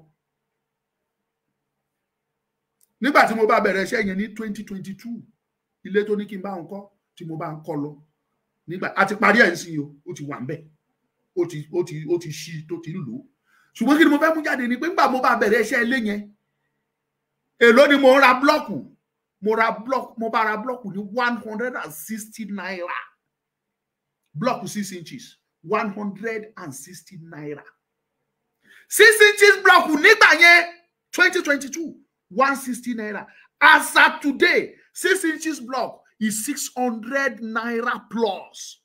nígbà tí mo bá bẹ̀rẹ̀ iṣẹ́ yẹn ní twenty twenty two ilé tó ní kí n bá ń kọ́ tí mo bá ń kọ́ lọ nígbà a parí ẹ̀ ń sìn o ó ti wà ń bẹ̀ ó ti ó ti ó ti ṣí tó ti ń lò ó ṣùgbọ́n kí ni mo fẹ́ mú jáde ni pé nígbà mo bá bẹ̀rẹ̀ iṣẹ́ ilé yẹn èló ni mo ra blọ́ọ̀kù mo ra blọ́ọ̀kù mo bá ra blọ́ọ̀kù ní one hundred and sixty naira blọ́ọ̀kù six inches 160 naira six inches block nígbà yẹn 2022 160 naira as at today six inches block is 600 naira plus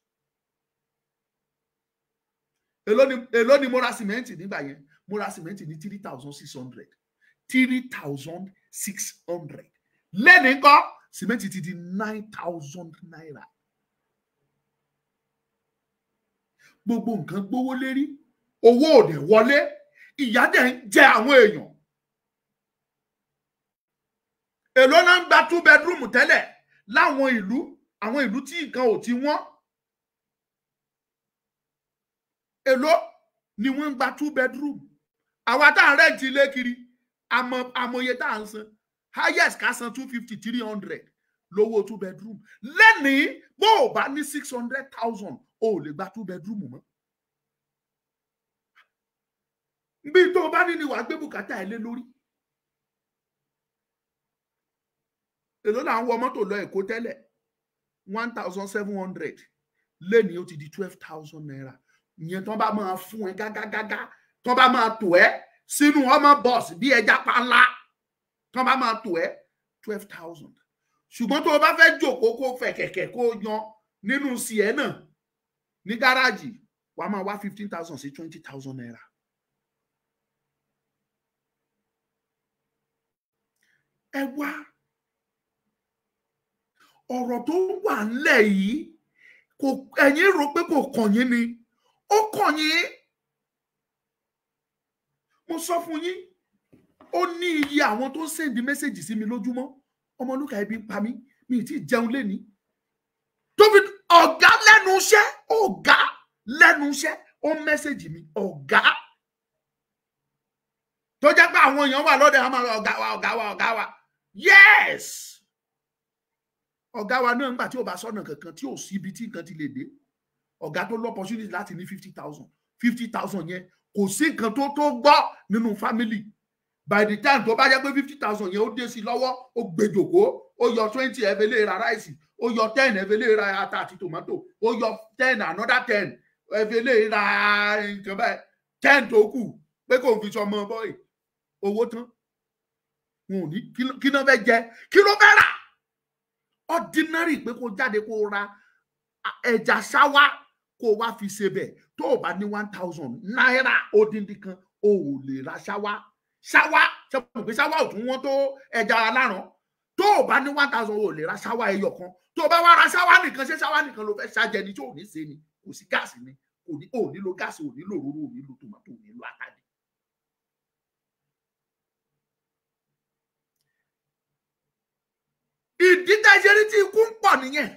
èló ni èló ni mo ra sìmẹ́ǹtì nígbà yẹn mo ra sìmẹ́ǹtì ní three thousand six hundred three thousand six hundred lẹ́nu kọ́ sìmẹ́ǹtì ti di nine thousand naira gbogbo nǹkan gbówó lérí owó ò dẹ̀ wọlé ìyà dẹ̀ ń jẹ àwọn èèyàn èló náà ń gba two bedroom tẹ́lẹ̀ láwọn ìlú àwọn ìlú tí nǹkan ò ti wọ́n èló ni wọ́n ń gba two bedroom àwa tá à ń rẹ́ǹtì ilé kiri àmọ́ àmọye tá à ń san highest ká san two fifty three hundred lówó two bedroom lẹ́nìí bó o bá ní six hundred thousand o ò lè gba two bedroom mọ́ bí tó o bá ní ni wàá gbé bùkátà ẹ lé lórí èló là ń wọ mọ́tò lọ Èkó tẹ́lẹ̀ one thousand seven hundred lẹ́ni ó ti di twelve thousand naira ìyẹn tán bá máa fún ẹ gágágágá tán bá máa tò ẹ sínú ọmọ bọ́ọ̀sì bí ẹja panla tán bá máa tò ẹ twelve thousand ṣùgbọ́n tó o bá fẹ́ jòkó kó fẹ̀ kẹ̀kẹ́ kó yan nínú sí ẹ náà ní gáràjì Wa á máa wá fifteen thousand sí twenty thousand naira. ẹ wá ọ̀rọ̀ tó wà ńlẹ̀ yìí kò ẹ̀yin rò pé kò kàn yín ni ó kàn yín mo sọ fún yín ó ní iye àwọn tó ń sèǹdí mẹ́sẹ̀gì sí mi lójúmọ́ ọmọlúkà ebi pa mí mi ì tí ì jẹun lénìí tó fi lẹ́nu iṣẹ́ ọ̀gá lẹ́nu iṣẹ́ ó mẹ́sẹ̀jì mi ọ̀gá tó jẹ́ pé àwọn èèyàn wà lọ́dẹ̀ àwọn ọ̀gá wa ọ̀gá wa ọ̀gá wa yes ọ̀gá wa náà nígbà tí ò bá sọ̀nà kankan tí ò sí ibi tí nǹkan ti lè dé ọ̀gá tó lọ́pọ̀tunity láti ní fifty thousand fifty thousand yẹn kò sí nǹkan tó tó gbọ́ nínú family by the time tó bá jẹ́ pé fifty thousand yẹn ó dé sí lọ́wọ́ ó gbẹjòkó ó yọ twenty ẹ̀fẹ́ lè ra ráìsì ó yọ ten ẹ fi lè ra ata àti tòmátò ó yọ ten another ten ẹ fi lè ra nǹkan báyìí ten tó kù pé kò fi sọmọ bọ́ọ̀ì owó tán wọn ò ní kí ló fẹ́ jẹ kí ló fẹ́ rà ordinary pé kó jáde kó ra ẹja ṣáwá kó wá fi ṣe bẹ̀ tó o bá ní one thousand náírà odindi kan o ò lè ra ṣáwá ṣáwá ṣe mọ̀ pé ṣáwá ò tún wọ́n tó ẹja aláràn tó o bá ní one thousand o ò lè ra ṣáwá ẹyọ kan tó bá wá ra ṣáwá nìkan ṣé ṣáwá nìkan ló fẹ́ ṣàjẹ ni tí ò ní ṣe ni kò sí gáàsì ni kò ní ò nílò gáàsì ò nílò òróró ò nílò tòmátò ò nílò àtàdé. ìdí dájẹ́rí tí ikú ń pọ̀ nìyẹn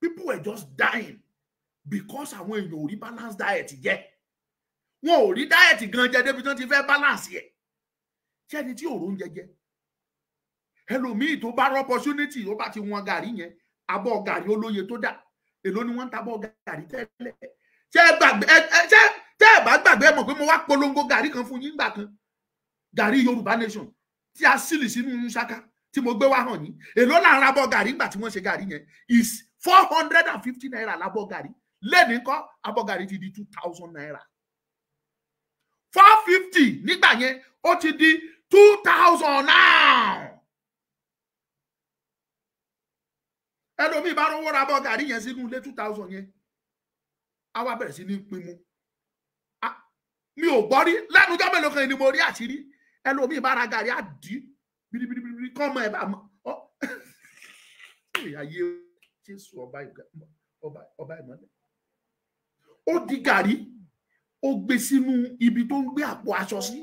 people were just dying because àwọn èèyàn ò rí balanced diet jẹ wọn ò rí diet gan jẹ débi tí wọn ti fẹ́ balance yẹ ṣé ẹni tí òòrùn jẹjẹ ẹlòmíì tó bá rọ opportunity ó bá ti wọn gàrí yẹn abọ́ gàrí olóye tó dà èló ni wọ́n ń tabọ́ gàrí tẹ́lẹ̀ ṣé ẹ gbàgbé ẹ ṣé tẹ́ ẹ bá gbàgbé ẹ pé mo wá polongo gàrí kan fún yín gbà kan gàrí Yorùbá nation tí a sílì sínú ṣáká tí mo gbé wá hàn yín èló là ń rabọ gàrí nígbà tí wọ́n ṣe gàrí yẹn is four hundred and fifty naira labọ gàrí lẹ́nìí kọ́ abọ́ gàrí ti di two thousand naira four fifty nígbà yẹn ó ti di two thousand now. ẹlòmíì bá rówó ra bọ́ gàrí yẹn sínú ilé two thousand yẹn á wá bẹ̀rẹ̀ sí ní pinmu mi ò gbọ́ rí lẹ́nu jọ́ mélòó kan ni mo rí àṣírí ẹlòmíì bá ra gàrí á dì í bìrìbìrìbìrì kọ́ ọmọ ẹ̀ bá mọ́ ọ́ ayé jésù ọba ọba ìmọ̀lẹ̀ ó di gàrí ó gbé sínú ibi tó ń gbé àpò aṣọ sí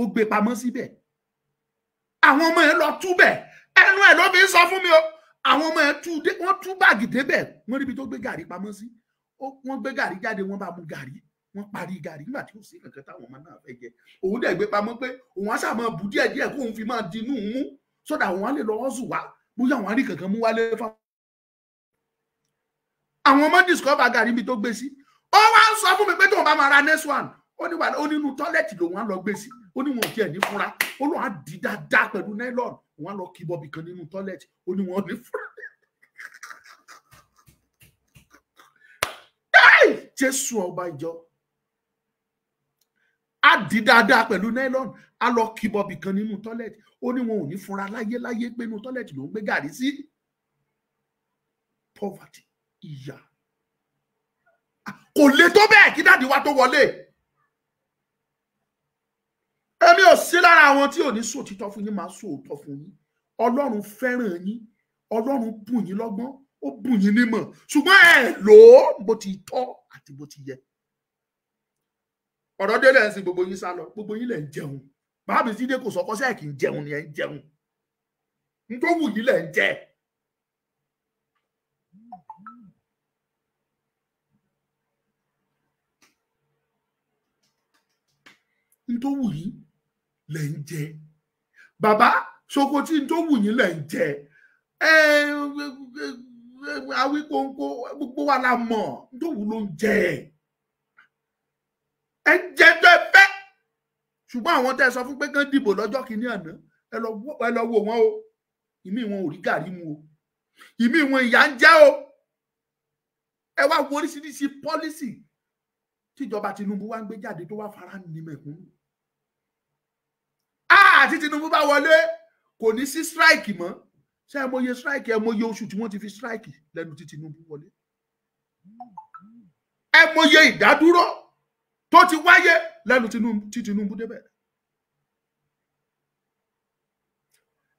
ó gbé pamọ́ síbẹ̀ àwọn ọmọ ẹ̀ lọ túbẹ̀ ẹnu ẹ̀ ló fi ń sọ fún mi o àwọn ọmọ ẹ̀ tú wọ́n tú báàgì débẹ̀ wọ́n ríbi tó gbé gàrí pamọ́ sí wọ́n gbé gàrí jáde wọ́n bá mu gàrí wọ́n parí gàrí nígbà tí ó sì kankan táwọn ọmọ náà fẹ́ jẹ òun dẹ̀ gbé pamọ́ pé òun á sàmọ́ bù díẹ̀ díẹ̀ kóun fi máa dinú mú sọ́dà òun á lè lọ́wọ́ sùn wá bóyá àwọn àrí kankan mú wálé fáwọn. àwọn ọmọ discover gàrí ibi tó gbé sí ó wá sọ fún mi pé tóun bá máa ra next one ó ní nínú tọ́lẹ̀tì lòun á lọ gbé sí ó ní wọn ò tiẹ̀ ní fúnra ó lọ́ọ́ di dáadáa pẹ̀lú nylon wọn lọ kí bọ́bì kan nínú tọ́lẹ̀tì ó ní wọn ò ní fúnra. jésù ọba ìjọ á di dáadáa pẹ̀lú nylon á lọ kí bọ́bì kan nínú tọ́lẹ̀tì ó ní wọn ò ní fúnra láyé láyé pé inú tọ́lẹ̀tì ló ń gbé gàrí sí poverty ìyà kò le tó bẹ́ẹ̀ kí dáàdi wa tó wọlé èmi ò sí lára àwọn tí ò ní sòtítọ́ fún yín máa sòótọ́ fún yín ọlọ́run fẹ́ràn yín ọlọ́run bùn yín lọ́gbọ́n ó bùn yín nímọ̀ ṣùgbọ́n ẹ lò ó bó ti tọ́ àti bó ti yẹ ọ̀rọ̀ délẹ̀ ń sin gbogbo yín sá lọ gbogbo yín lẹ̀ ń jẹun bàbá mi sídé kò sọkọ sẹ́ẹ̀ kì í jẹun ni ẹ̀ ń jẹun n tó wù yín lẹ̀ ń jẹ. n tó wù yín lẹ̀ ń jẹ bàbá sokoti tó wù yín lẹ̀ ń jẹ awíkóńkó gbogbo wa la mọ̀ tó wù ló ń jẹ ẹ ń jẹ tó ẹ fẹ́ ṣùgbọ́n àwọn tẹ́ ẹ sọ fún pé kán dìbò lọ́jọ́ kìíní àná ẹ lọ wo wọn o ìmí wọn ò rí gàrí mu o ìmí wọn ìyà ń jẹ o ẹ wá wo oríṣiríṣi pọ́lísì tíjọba Tinubu wá ń gbé jáde tó wá fara ní àti Tinubu bá wọlé kò ní sí strike mọ́ ṣé ẹ mọye strike ẹ mọye oṣù tí wọ́n ti fi strike lẹ́nu tí Tinubu wọlé ẹ mọye ìdádúró tó ti wáyé lẹ́nu tí Tinubu débẹ̀.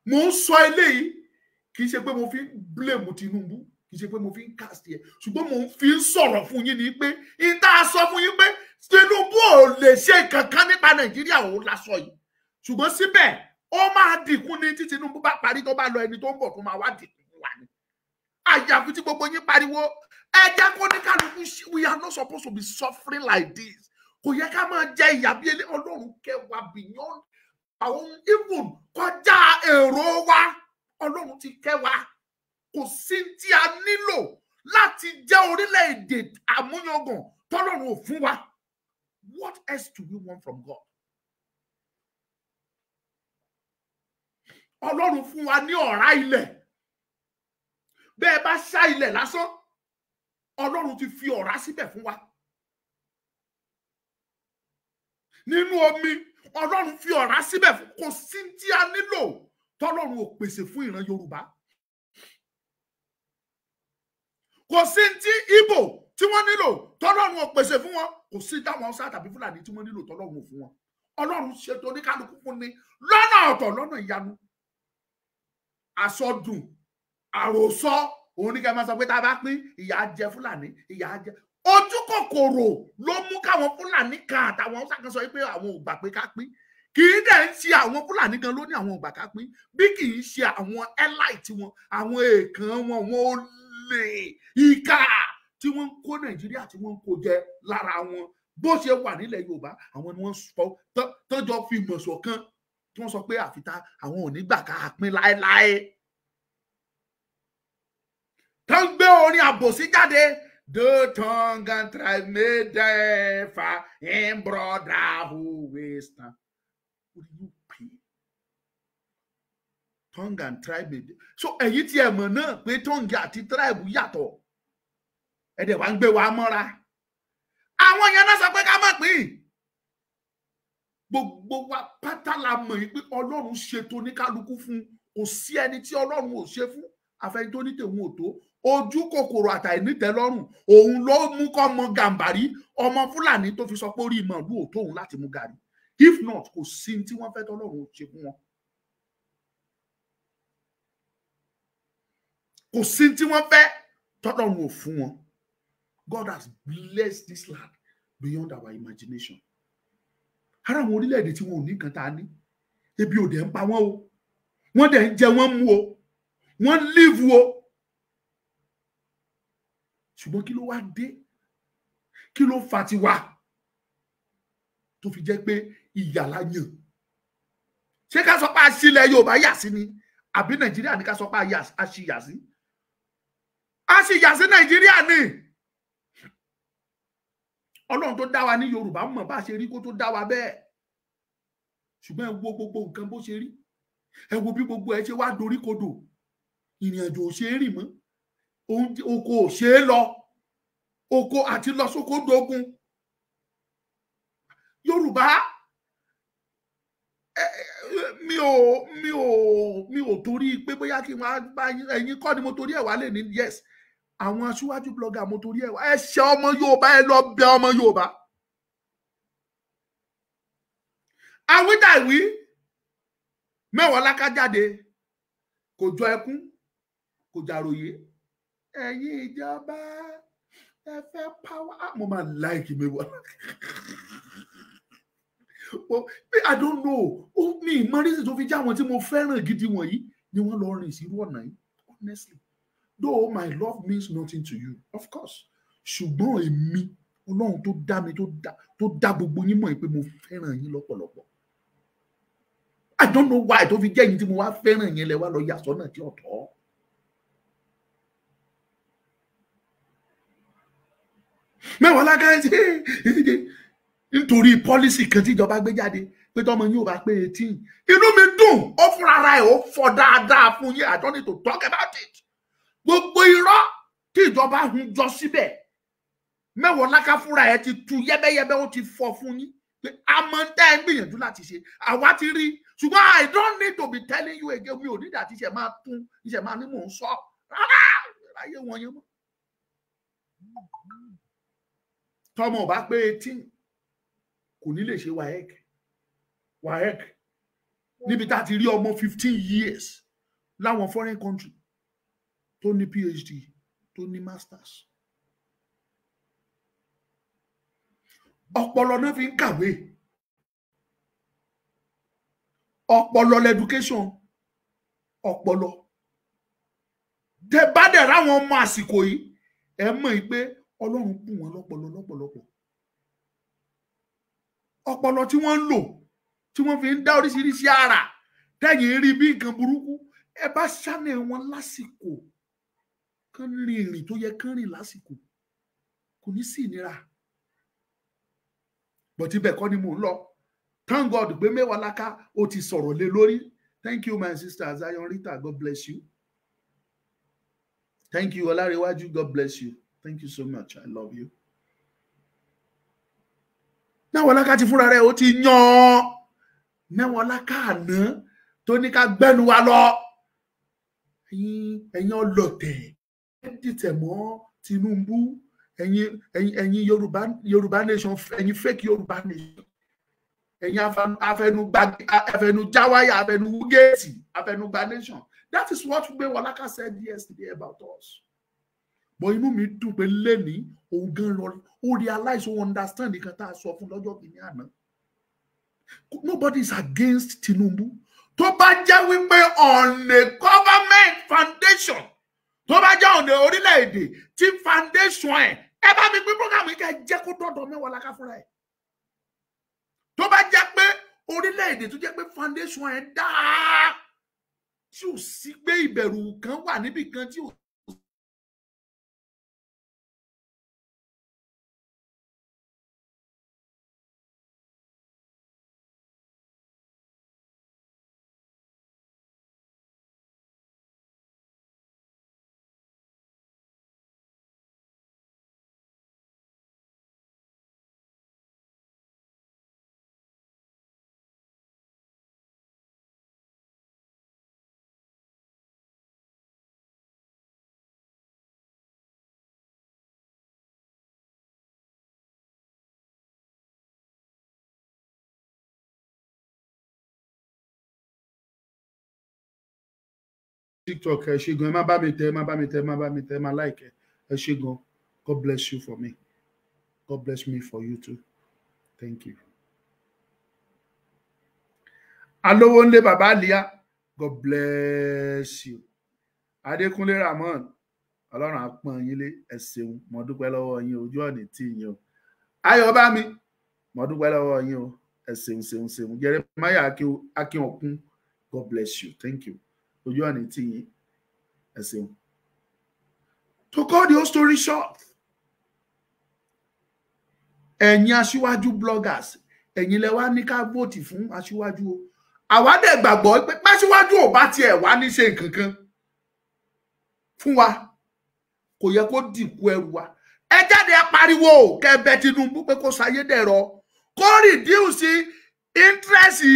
mo ń sọ eléyìí kì í ṣe pé mo fi ń blame Tinubu kì í ṣe pé mo fi ń cast yẹ ṣùgbọ́n mo fi ń sọ̀rọ̀ fún yín ni pé ìta sọ fún yín pé Tinubu ò lè ṣe kankan nípa Nàìjíríà òun lásọ yìí ṣùgbọ́n síbẹ̀ ó máa dìkú ní tí Tinubu bá parí tó bá lọ ẹni tó ń bọ̀ tó máa wá dìkú wà ní. àyàfi tí gbogbo yín pariwo ẹ jẹ́ kó ní kálukú we are not supposed to be suffering like this kò yẹ ká máa jẹ ìyà bí ẹni ọlọ́run kẹwàá beyond àwọn even kọjá èrò wa ọlọ́run ti kẹwàá kò sí tí a nílò láti jẹ́ orílẹ̀-èdè àmúyangàn tọ́lọ́run ò fún wa what else do we want from God ọlọ́run fún wa ní ọ̀rá ilẹ̀ bẹ́ẹ̀ bá ṣá ilẹ̀ lásán ọlọ́run ti fi ọ̀rá síbẹ̀ fún wa nínú omi ọlọ́run fi ọ̀rá síbẹ̀ fún kò sí tí a nílò tọ́lọ́run ò pèsè fún ìran yorùbá kò sí tí ibo tí wọ́n nílò tọ́lọ́run ò pèsè fún wọn kò sí dáwọn ọ̀sá tàbí fúlàní tí wọ́n nílò tọ́lọ́run ò fún wọn ọlọ́run ṣètò oníkálukú fún ni lọ́nà ọ̀tọ̀ lọ́nà ìyanu àsọdùn àròsọ òun ní kẹ́ máa sọ pé tá a bá pín ìyà jẹ fúlàní ìyà jẹ ojú kòkòrò ló mú káwọn fúlàní kan àtàwọn haúsá kan sọ pé àwọn ò gbà pé ká pín kì í dẹ̀ ń ṣe àwọn fúlàní gan ló ní àwọn ò gbà ká pín bí kì í ṣe àwọn elite wọn àwọn èèkàn wọn wọn ò lè ìkà tí wọ́n ń kó nàìjíríà tí wọ́n ń kó jẹ lára wọn bó ṣe wà nílẹ̀ yorùbá àwọn ni wọ́n tọ́jọ́ fi mọ̀ṣọ̀kan tí wọ́n sọ pé àfitá àwọn ò ní gbà ká pín láéláé tó ń gbé orin àbòsí jáde do tongan tramedefa in broda who wastan will you pay tongan tribe so ẹ̀yin tí ẹ mọ̀ náà pé tongan àti tribe yàtọ̀ ẹ dẹ̀ wá ń gbé wa mọ́ra àwọn yẹn náà sọ pé ká má pín gbogbo wa pátá la mọ̀ yìí pé ọlọ́run ṣètò oníkálukú fún kò sí ẹni tí ọlọ́run ò ṣe fún àfẹni tó ní tèun ò tó ojú kòkòrò àtàìnítẹ́lọ́rùn òun ló mú kọ́ mọ gàǹbàrí ọmọ fúlàní tó fi sọ pé orí ìmọ̀lú òtó òun láti mú gàrí if not kò sí ní tí wọ́n fẹ́ tọ́lọ́run ò ṣe fún wọn. kò sí tí wọ́n fẹ́ tọ́lọ́run ò fún wọn God has blessed this land beyond our imagination ara àwọn orílẹ̀-èdè tí wọn ò ní nǹkan tá a ní ebi ò dẹ̀ ń pa wọ́n o wọ́n dẹ̀ ń jẹ wọ́n mú o wọ́n líìvù o ṣùgbọ́n kí ló wá dé kí ló fa tiwa tó fi jẹ́ pé ìyà la yàn ṣé ká sọ pé àṣìlẹ̀ Yorùbá yà sí ni àbí Nàìjíríà ní ká sọ pé àṣìyà sí àṣìyà sí Nàìjíríà ni ọlọ́run tó dá wa ní yorùbá mọ̀ bá ṣe rí kó tó dá wa bẹ́ẹ̀ ṣùgbọ́n ẹ wo gbogbo nǹkan bó ṣe rí ẹ wo bí gbogbo ẹ ṣe wá dorí kodò ìrìn ò ṣe é rìn mọ́ oko ò ṣe é lọ oko àti lọ sóko dogun yorùbá mi ò mi ò mi ò torí pé bóyá kí n wá bá ẹ̀yin kọ́ ni mo torí ẹ̀ wá ní yes àwọn aṣíwájú blọgà mo torí ẹ wá ẹ ṣe ọmọ Yorùbá ẹ lọ bẹ ọmọ Yorùbá awítàwí mẹ́wàá lákájáde kò jọ ẹkún kò jàròyé ẹ̀yin ìjọba ẹ fẹ́ pàwọ́ ah, mo máa láìkì mẹ́wàá pé I don't know ó ní ìmọ̀rísì tó fi já àwọn tí mo fẹ́ràn gidi wọ̀nyí ni wọ́n lọ rìn sí irú ọ̀nà yìí honestly though my love means nothing to you of course ṣùgbọ́n èmi ọlọ́run tó dá mi tó dá gbogbo yín mọ̀ pé mo fẹ́ràn yín lọ́pọ̀lọpọ̀ i don't know why tó fi jẹ́ yín tí mo wá fẹ́ràn yín lẹ wá lọ yà sọ́nà tí ọ̀tọ̀. mẹ́wàá lákàáyé sí ìdíje nítorí pọ́lísì kan tíjọba gbé jáde pé tọ́mọ yóò bá pé eighteen inú mi dùn ó fúnra rẹ̀ ó fọ́ dáadáa fún yín i don't need to talk about it gbogbo irọ́ tí ìjọba hun jọ síbẹ̀ mẹ́wọ̀ọ́ láká fúnra ẹ̀ ti tu yẹ́bẹ́yẹ́bẹ́ ó ti fọ́ fún yín pé a mọ ń tẹ́ ẹ ń gbìyànjú láti ṣe àwa ti rí ṣùgbọ́n I don't need to be telling you again mi ò nídà tí ìṣẹ̀ máa tún ìṣẹ̀ máa ní mò ń sọ rárá láyé wọn yẹn mọ́. tọmọ ò bá pé eighteen kò ní lè ṣe waec waec níbi tá a ti rí ọmọ fifteen years láwọn foreign country tó ní phd tó ní masters ọpọlọ náà fi ń kàwé ọpọlọ lẹdùkéṣọn ọpọlọ tẹ bá dẹ ráwọn ọmọ àsìkò yìí ẹ mọ̀ yìí pé Ọlọ́run bùn wọn lọ́pọlọ lọ́pọ̀lọpọ̀ ọpọlọ tí wọ́n ń lò tí wọ́n fi ń dá oríṣiríṣi ara tẹ̀yìn rí bí nǹkan burúkú ẹ bá ṣàmì wọn lásìkò kán rìn ìrìn tó yẹ kán rìn lásìkò kò ní sí ìnira bọ̀tí bẹ́ẹ̀ kọ́ ni mò ń lọ thank God pé mẹ́wàá láká ó ti sọ̀rọ̀ lé lórí thank you my sister Zion Rita God bless you thank you Ọlárewájú God bless you thank you so much I love you. mẹ́wàá láká ti fúnra rẹ̀ ó ti yan án mẹ́wàá láká àná tó ní ká gbẹ́nu wa lọ ẹ̀yin ẹ̀yin ọlọ́tẹ̀ẹ́ dìtẹ̀ mọ́ Tinubu ẹ̀yin ẹ̀yin ẹ̀yin Yorùbá nation ẹ̀yin fake Yorùbá nation ẹ̀yin afẹnujáwáyà afẹnuwúgẹ́ẹ̀tì afẹnugba nation that is what Gbéwọláká said yesterday about us bọ inú mi dùn pé lẹ́nìí òun gan lọ ó realize ó understand nǹkan tá a sọ fún lọ́jọ́ kìíní àná nobody is against Tinubu tó bá jẹ́ wípé on a government foundation tó bá jẹ́ òde orílẹ̀-èdè tí foundation ẹ̀ ẹ bá mi pín program yìí ká jẹ́ kó dọ̀dọ̀ mẹ́wàá la ká fúnra ẹ̀ tó bá jẹ́ pé orílẹ̀-èdè tó jẹ́ pé foundation ẹ̀ dáa tí ò sí pé ìbẹ̀rù kan wà níbì tí ò TikTok ẹ ṣé gan ẹ má bá mi tẹ ẹ má bá mi tẹ ẹ má bá mi tẹ ẹ má like ẹ ẹ ṣé gan God bless you for me God bless me for you too thank you. alówó ńlé bàbá àlíyá God bless you Adekunle Ramon Ọlọ́run àpọn yín lé ẹ ṣeun mo dúpẹ́ lọ́wọ́ yín ojú ọ̀nì tí yín o Ayọ̀bámi mo dúpẹ́ lọ́wọ́ yín o ẹ ṣeun ṣeun ṣeun Jeremiah Akin Okun God bless you thank you ojú àní tí yín ẹ ṣeun. to call the whole story short ẹ̀yin aṣíwájú bloggers ẹ̀yin lẹ wá ní ká vóòtì fún aṣíwájú o àwa dẹ̀ gbàgbọ́ pé pàṣíwájú ò bá tiẹ̀ wá ní ṣe nǹkan kan fún wa kò yẹ kó dìkú ẹrù wa ẹ jáde apariwo kẹ́ Tinubu pé kó sayé dẹ̀rọ̀ kó rìdíùsì íńtírẹ́sì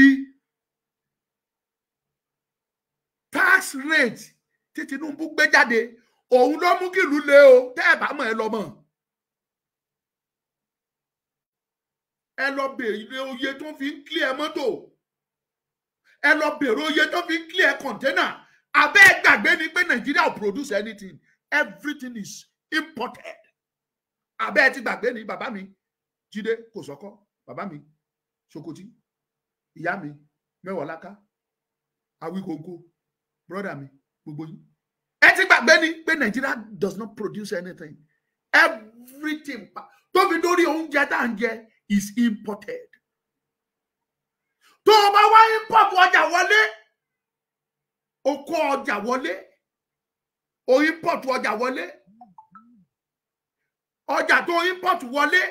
tax rate tí Tinubu gbé jáde òun ló mú kí ìlú le o tẹ́ ẹ bá mọ̀ ẹ lọ mọ̀ ẹ lọ bèrè oye tó fi ń clear mọ́tò ẹ lọ bèrè oye tó fi ń clear container abẹ́ ẹ gbàgbé ni pé Nàìjíríà ò produce anything everything is imported abẹ́ ẹ ti gbàgbé ni bàbá mi Jídé Kòsọ́kọ́ bàbá mi Sokoti ìyá mi Mẹ́wàláká Awíkóńkó brother mi gbogbo yín ẹ ti gbàgbé ni pé Nigeria does not produce anything everything tó fi dórí oúnjẹ tá à ń jẹ is imported tó o bá wá import ọjà wọlé o kó ọjà wọlé o import ọjà wọlé ọjà tó o import wọlé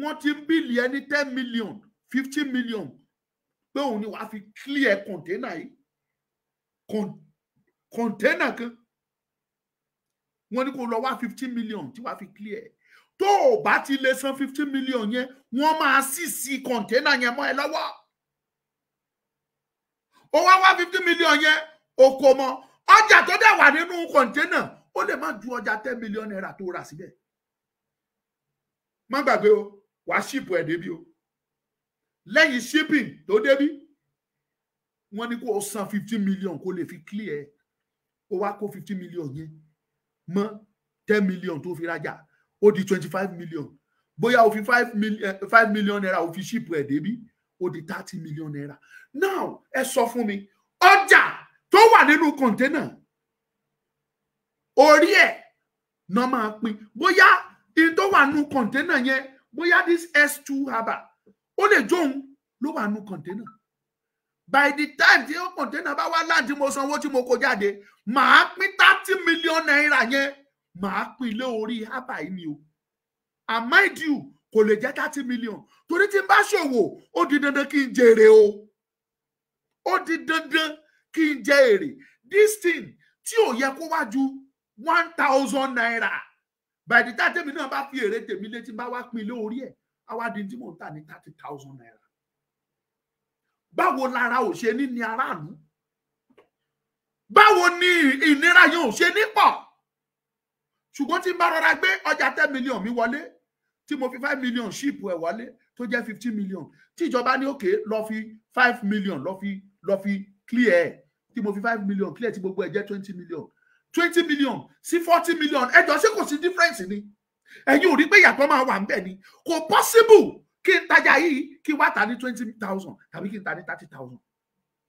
wọ́n ti ń ẹni ten million fifteen million pé òun ni wàá fi clear container yìí kọ̀ńténà kan wọ́n ní kó lọ wá fifteen million tí wàá fi clear tó o bá ti lè san fifteen million yẹn wọ́n máa sì sí kọ̀ńténà yẹn mọ́ ẹ lọ́wọ́ o wá wá fifteen million yẹn o kò mọ ọjà tó dẹ̀ wà nínú kọ̀ńténà ó lè má ju ọjà ten million naira tó rà síbẹ̀ má gbàgbé o wàá ṣìpù ẹ̀ débi o lẹ́yìn shipping tó débi wọ́n ní kó o san fifteen million kó lè fi clear ó wá kó fifteen million yẹn mọ́ ten million tó fi rajà ó di twenty five million bóyá o fi five million eh, five million naira o fi ṣìpù ẹ̀ débí ó di thirty million naira now ẹ sọ fún mi ọjà tó wà nínú kọ̀ńténà orí ẹ̀ náà máa pín bóyá in tó wà nínú kọ̀ńténà yẹn bóyá this s two harbour ó lè jóun ló wà nínú kọ̀ńténà by the time tí kọ̀ǹténà bá wá láti mo sanwó tí mo kó jáde màá pín thirty million naira yẹn màá pín ilé orí hábà yìí ni o àmọ́ ìdí kò lè jẹ́ thirty million torí tí n bá ṣòwò ó di dandan kí n jèrè o ó di dandan kí n jẹ èrè this thing tí ò yẹ kó wá ju one thousand naira by the time tèmi náà bá fi èrè tèmi létí bá wá pín ilé orí ẹ̀ á wá di tí mò ń tà ní thirty thousand naira báwo lára ò ṣe ní ni aráàlú báwo ni ìnira yẹn ò ṣe ní pọ̀ ṣùgbọ́n tí n bá rọra gbé ọjà ten million mi wọlé tí mo fi five million ṣíìpù ẹ̀ wọlé tó jẹ́ fifteen million tí ìjọba ní òkè lọ fi five million lọ fi lọ fi clear ẹ̀ tí mo fi five million clear tí gbogbo ẹ̀ jẹ́ twenty million twenty million sí forty million ẹjọ́ ṣé kò sí difference ni ẹ̀yin ò rí pé ìyàtọ̀ máa wà ń bẹ̀ ni kò possible kí n tajà yìí kí n wá ta ní twenty thousand tàbí kí n ta ní thirty thousand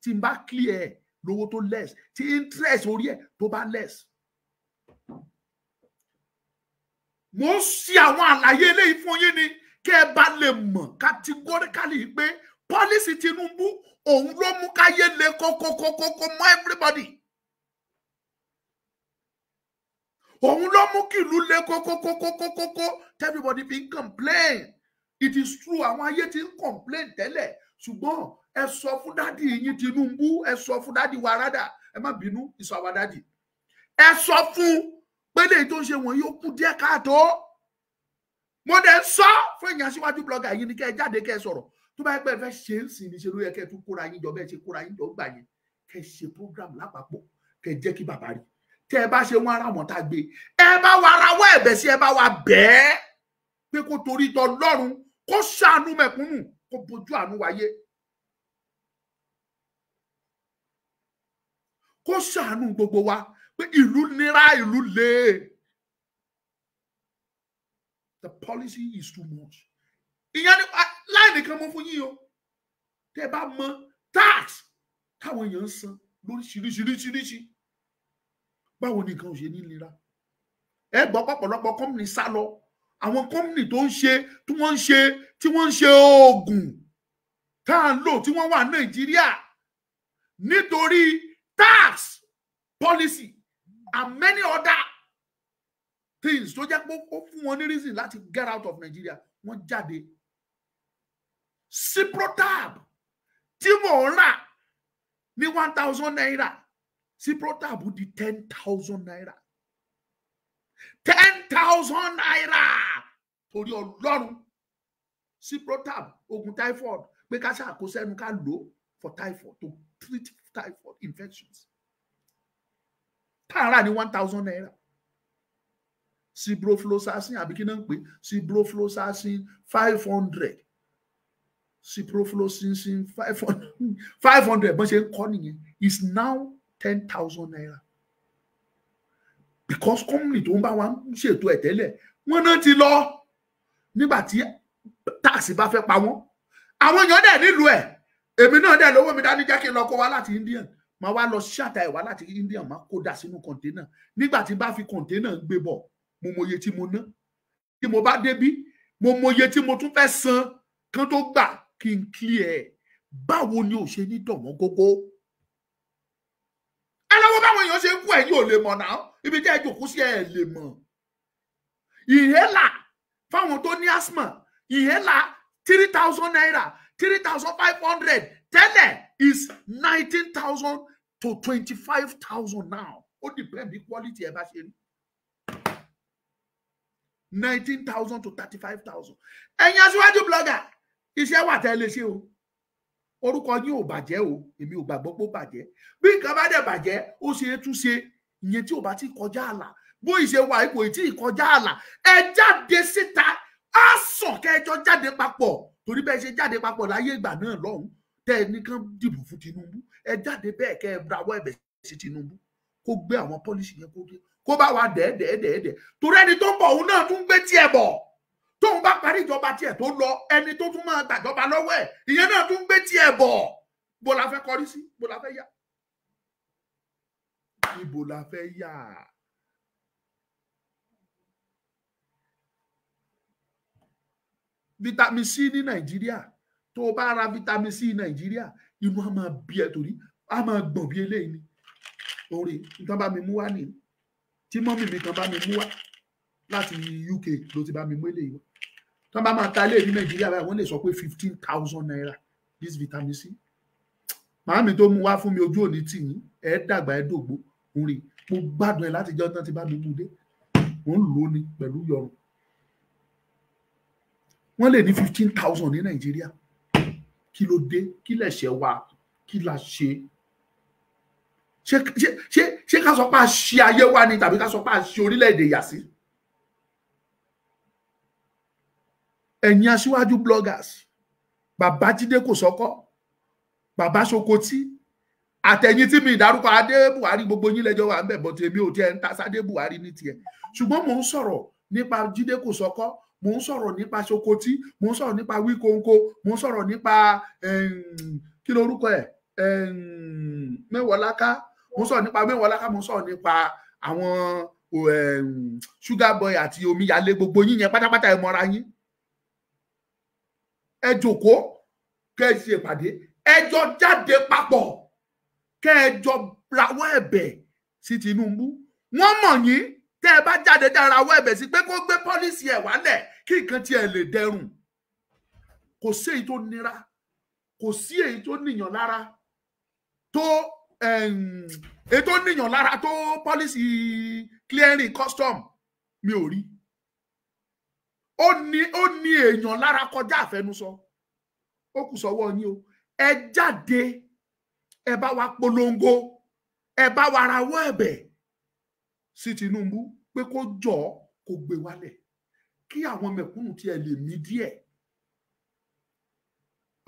tí n bá clear ẹ lówó tó less tí interest orí ẹ tó bá less. mo ń ṣe àwọn àlàyé eléyìí fún yín ni kẹ́ ẹ bá lè mọ̀ categorically pé policy Tinubu òun ló mú káyé le kókókókókó mọ́ everybody. òun ló mú kìlú le kókókókókókó everybody fi ń complain it is true àwọn ayé ti ń complain tẹ́lẹ̀ ṣùgbọ́n ẹ sọ fún dádì yín Tinubu ẹ sọ fún dádì wa rádà ẹ má bínú ìsọ àwa dádì ẹ sọ fún pé lèyí tó ń ṣe wọ̀nyí ó kú díẹ̀ káàtó mo dẹ̀ ń sọ fún èèyàn síwájú blọga yìí ni kẹ́ ẹ jáde kẹ́ ẹ sọ̀rọ̀ tó bá yẹ pé ẹ fẹ́ ṣe ń sìn níṣẹ́ ló yẹ kẹ́ ẹ tún kóra yín jọ bẹ́ẹ̀ ṣe kóra yín jọ gbà yẹn kẹ́ ẹ ṣe program lápapọ̀ kẹ́ ẹ jẹ́ kí bàbá rí tẹ́ ẹ bá ṣe wọn ara wọn tá a gbé ẹ bá wa ara wọ ẹ̀bẹ̀ sí ẹ bá wa bẹ́ẹ̀ pé kó torí tọ lọ́rùn kó ṣàánú mẹ̀kúnnù kó bojú àánú wáyé kó ṣàánú gbogbo wa pé ìlú nira ìlú le the policy is too much ìyẹn ni ah, láì nìkan mọ fún yín o tẹ́ bá mọ tax táwọn èèyàn ń san lóríṣiríṣiríṣiríṣi báwo ni nǹkan ò ṣe ní nira ẹ gbọ́ pọ̀pọ̀lọpọ̀ kọ́mìnì sá lọ àwọn kọ́mpìnì tó ń ṣe tí wọ́n ń ṣe tí wọ́n ń ṣe oògùn tá à ń lò tí wọ́n wà nàìjíríà nítorí tax policy and many other things tó jẹ́ pé ó fún wọn ní reason láti get out of Nigeria wọ́n jáde ciprotab tí mò ń rà ní one thousand naira ciprotab di ten thousand naira ten thousand naira torí ọlọ́run sí protab oògùn typhoid pé ká ṣàkó sẹ́nu ká lò ó for typhoid to treat typhoid infections tààrà ní one thousand naira ciprofloxacin àbí kí náà ń pè ciprofloxacin five hundred ciprofloxacin five hundred bọ́n ṣe ń kọ́ nìyẹn is now ten thousand naira because company tó ń bá wa ṣètò ẹ̀ tẹ́lẹ̀ wọ́n náà ti lọ nígbà tí táàsì bá fẹ́ pa wọ́n àwọn èèyàn dẹ̀ nílùú ẹ̀ èmi náà dẹ̀ lówó mi dání jẹ́ kí n lọ kó wá láti India ma wá lọ ṣàtà ẹ̀ wá láti India ma kó dà sínú kọ̀ǹténà nígbà tí bá fi kọ̀ǹténà gbé bọ̀ mo mọye tí mo ná tí mo bá débí mo mọye tí mo tún fẹ́ san kán tó gbà kí n clear ẹ̀ báwo ni ò ṣe ní dọ̀wọ́n gógó ẹ lọ́wọ́ báwọn èèyàn ṣe ń kú ẹ̀yìn ò lè mọ̀ náà ibi tí ẹ jòkó sí ẹ lè mọ̀ ìhélà fáwọn tó ní asthma inhaler three thousand naira three thousand five hundred tẹ́lẹ̀ is nineteen thousand to twenty-five thousand now ó depend bí quality ẹ bá ṣe rí nineteen thousand to thirty-five thousand ẹ̀yin aṣíwájú blogger iṣẹ́ wà tẹ́ lè ṣe o orúkọ yín ò bàjẹ́ o èmi ò gbàgbọ́ pé ó bàjẹ́ bí nǹkan bá dẹ̀ bàjẹ́ ó ṣe é tún ṣe ìyẹn tí ò bá ti kọjá àlà bó ìṣe wà ipò ìtí ìkọjá àlà ẹ jáde síta á sàn kẹjọ jáde papọ̀ torí bẹ́ẹ̀ ṣe jáde papọ̀ láyé ìgbà náà lọ́hùn tẹ́ ẹ nìkan dìbò fún Tinubu ẹ jáde bẹ́ẹ̀ kẹ́ ẹ rawọ́ ẹ̀bẹ̀ sí Tinubu kó gbé àwọn pọ́lísì yẹn kó gbé kó bá wa dẹ́ẹ̀dẹ́ẹ̀dẹ́ẹ̀dẹ́ torí ẹni tó ń bọ̀ òun náà tún gbé tiẹ̀ bọ̀ tóun bá parí ìjọba tiẹ̀ tó lọ ẹni tó tún máa gbàjọba lọ́wọ́ ẹ̀ ìyẹn náà tún gbé tiẹ̀ bọ̀ bó la fẹ́ kọrí sí bó la fẹ́ yá ibo la fẹ́ yá. vitamin c ní nàìjíríà tó o bá ra vitamin c nàìjíríà inú a máa bí ẹ torí a máa gbọ̀n bí eléyìí ni orí nǹkan bá mi mú wá nìyí tí mọ́mì mi kan bá mi mú wá láti uk ló ti bá mi mú eléyìí wá tí wọ́n bá máa ta eléyìí ní nàìjíríà báyìí wọ́n lè sọ pé fifteen thousand naira this vitamin c màámi tó mú wá fún mi ojú òní tì yín ẹ dàgbà ẹ dògbò orí mo gbádùn ẹ láti jẹ́ ọ̀tán ti bá mi mú dé mò ń lò ó ni pẹ̀lú yọrùn wọ́n lè ní fifteen thousand ní nàìjíríà kí ló dé kí lẹ̀ṣẹ̀ wa kí la ṣe ṣé ṣé ṣé ká sọ pé a ṣe ayé wa ni tàbí ká sọ pé a ṣe orílẹ̀-èdè yà sí. ẹ̀yin aṣíwájú bloggers Babájídé Kòsọ́kọ́ bàbá Sokoti àtẹ̀yìn tí mi ìdárúkọ adé Buhari gbogbo yín lẹ́jọ́ wà ń bẹ̀ bọ́tù èmi ò tiẹ̀ ń ta sáde Buhari ní tiẹ̀ ṣùgbọ́n mò ń sọ̀rọ̀ nípa Jídé Kòsọ́kọ́ mò ń sọ̀rọ̀ nípa Sokoti mò ń sọ̀rọ̀ nípa Wikonko mò ń sọ̀rọ̀ nípa kí lorúkọ ẹ̀ Mewolaka mò ń sọ̀rọ̀ nípa Mewolaka mò ń sọ̀rọ̀ nípa àwọn Sugar Boy àti Omiyale gbogbo yín yẹn pátápátá ẹ mọra yín ẹ jòkó kẹ́ ẹ ṣe ìpàdé ẹ jọ jáde papọ̀ kẹ́ ẹ jọ rawọ́ ẹ̀bẹ̀ sí Tinubu wọ́n mọ̀ yín tẹ́ ẹ bá jáde dára rawọ́ sí pé kó gbé pọ́lísì ẹ̀ wálẹ̀ kí nǹkan tiẹ̀ lè dẹrùn kò sí èyí tó nira kò sí èyí tó níyàn lára tó èyí tó níyàn lára tó policy clearing custom mi ò rí ó ní ó ní èèyàn lára kọjá àfẹnusọ ó kù sọ́wọ́ yín o ẹ jáde ẹ bá wa polongo ẹ bá wa rawọ́ ẹ̀bẹ̀ sí Tinubu pé kó jọ kó gbé wálẹ̀ kí àwọn mẹ̀kúnnù tiẹ̀ lè mí díẹ̀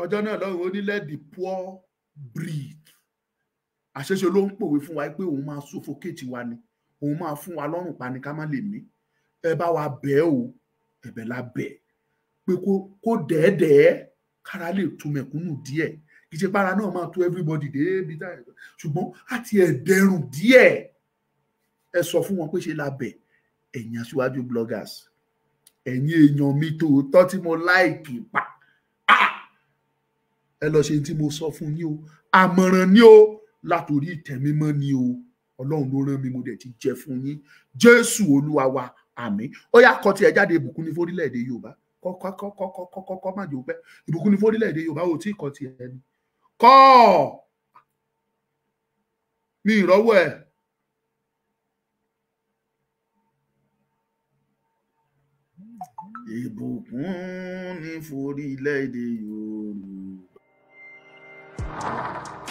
ọjọ́ náà lọ́rùn ó ní let the poor breathe àṣẹṣe ló ń pòwe fún wa pé òun máa suffocate wa ni òun máa fún wa lọ́rùn pa ni ká má lè mí ẹ bá wa bẹ̀ o ẹ̀bẹ̀ la bẹ̀ pé kó dẹ́ẹ́dẹ́ẹ́ kára lè tu mẹ̀kúnnù díẹ̀ kì para náà máa tu everybody débi táyà ṣùgbọ́n àti ẹ̀dẹ̀rùn díẹ̀ ẹ sọ fún wọn pé ṣe la bẹ̀ ẹ̀yin aṣíwájú bloggers ẹ̀yin èèyàn mi tòótọ́ tí mo láìkì pa ah! ẹ lọ ṣe tí mo sọ fún yín o àmọ̀ràn ni o látòrí ìtẹ̀mímọ́ ni o ọlọ́run ló rán mi mo dẹ̀ ti jẹ fún yín jésù olúwa wa àmín ó yá kọ tiẹ̀ jáde ìbùkún ní forílẹ̀-èdè yorùbá kọ́kọ́kọ́kọ́kọ́ má jò pẹ́ ìbùkún ní forílẹ̀-èdè yorùbá ò tí kọ tiẹ̀ ni kọ́ mi ìrọ́wọ́ ẹ̀. ìbùkún ní forílẹ̀-èdè Yorùbá.